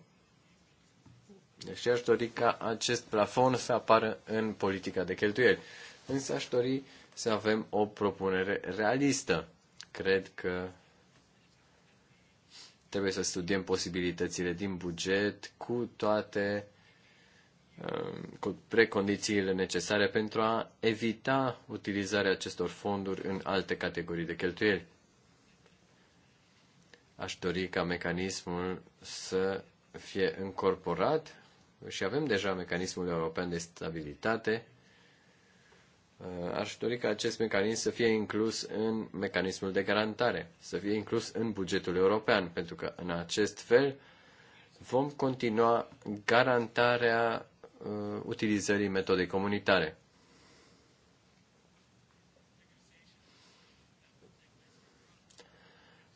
și aș dori ca acest plafon să apară în politica de cheltuieli. Însă aș dori să avem o propunere realistă. Cred că Trebuie să studiem posibilitățile din buget cu toate um, cu precondițiile necesare pentru a evita utilizarea acestor fonduri în alte categorii de cheltuieli. Aș dori ca mecanismul să fie încorporat și avem deja mecanismul european de stabilitate Uh, aș dori ca acest mecanism să fie inclus în mecanismul de garantare, să fie inclus în bugetul european, pentru că în acest fel vom continua garantarea uh, utilizării metodei comunitare.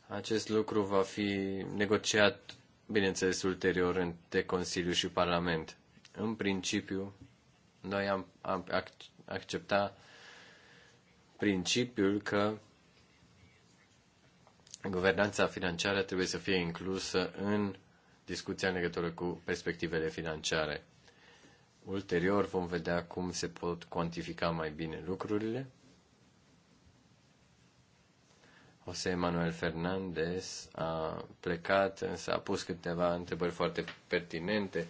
Acest lucru va fi negociat, bineînțeles, ulterior între Consiliu și Parlament. În principiu, noi am, am accepta principiul că guvernanța financiară trebuie să fie inclusă în discuția în legătură cu perspectivele financiare. Ulterior vom vedea cum se pot cuantifica mai bine lucrurile. José Manuel Fernández a plecat, însă a pus câteva întrebări foarte pertinente.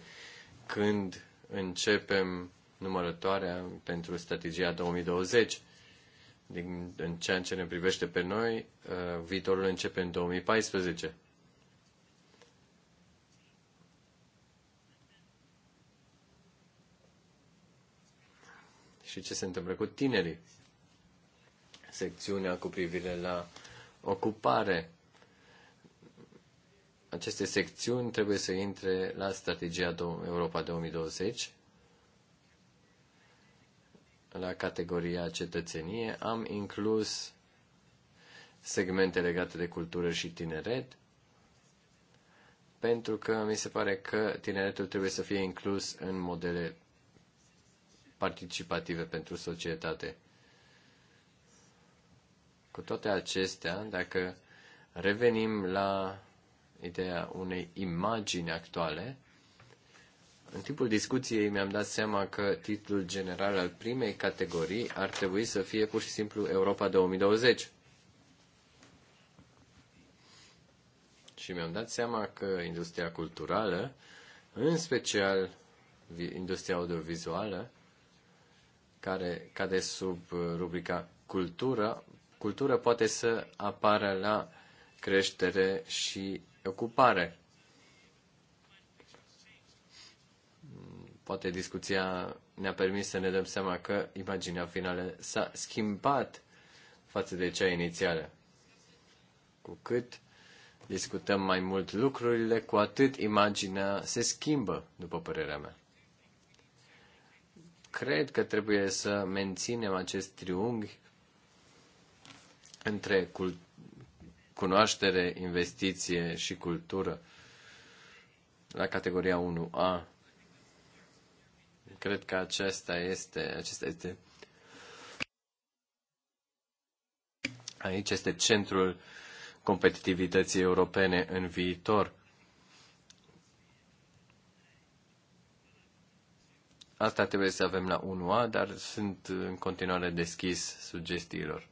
Când începem numărătoarea pentru strategia 2020. Din, în ceea ce ne privește pe noi, uh, viitorul începe în 2014. Și ce se întâmplă cu tinerii? Secțiunea cu privire la ocupare. Aceste secțiuni trebuie să intre la strategia Europa 2020 la categoria cetățenie am inclus segmente legate de cultură și tineret, pentru că mi se pare că tineretul trebuie să fie inclus în modele participative pentru societate. Cu toate acestea, dacă revenim la ideea unei imagini actuale, în timpul discuției mi-am dat seama că titlul general al primei categorii ar trebui să fie pur și simplu Europa 2020. Și mi-am dat seama că industria culturală, în special industria audiovizuală, care cade sub rubrica cultură, cultură poate să apară la creștere și ocupare. Poate discuția ne-a permis să ne dăm seama că imaginea finală s-a schimbat față de cea inițială. Cu cât discutăm mai mult lucrurile, cu atât imaginea se schimbă, după părerea mea. Cred că trebuie să menținem acest triunghi între cunoaștere, investiție și cultură la categoria 1A Cred că acesta este, acesta este aici este centrul competitivității europene în viitor. Asta trebuie să avem la 1A, dar sunt în continuare deschis sugestiilor.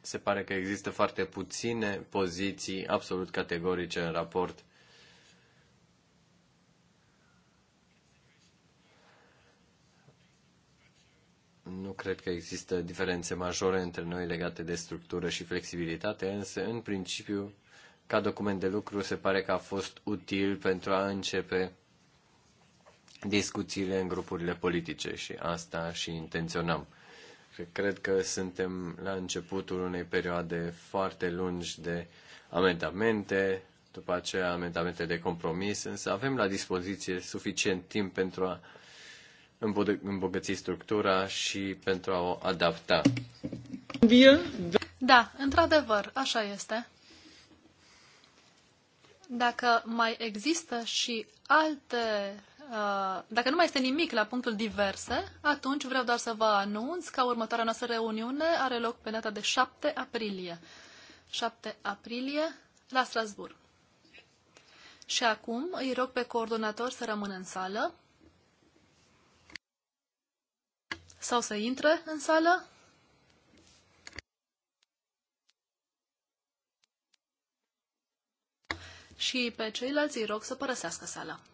Se pare că există foarte puține poziții absolut categorice în raport Nu cred că există diferențe majore între noi legate de structură și flexibilitate, însă, în principiu, ca document de lucru, se pare că a fost util pentru a începe discuțiile în grupurile politice și asta și intenționăm. Cred că suntem la începutul unei perioade foarte lungi de amendamente, după aceea amendamente de compromis, însă avem la dispoziție suficient timp pentru a îmbogăți structura și pentru a o adapta. Da, într-adevăr, așa este. Dacă mai există și alte uh, dacă nu mai este nimic la punctul diverse, atunci vreau doar să vă anunț că următoarea noastră reuniune are loc pe data de 7 aprilie. 7 aprilie la Strasburg. Și acum îi rog pe coordonator să rămână în sală sau să intre în sală. Și pe ceilalți îi rog să părăsească sala.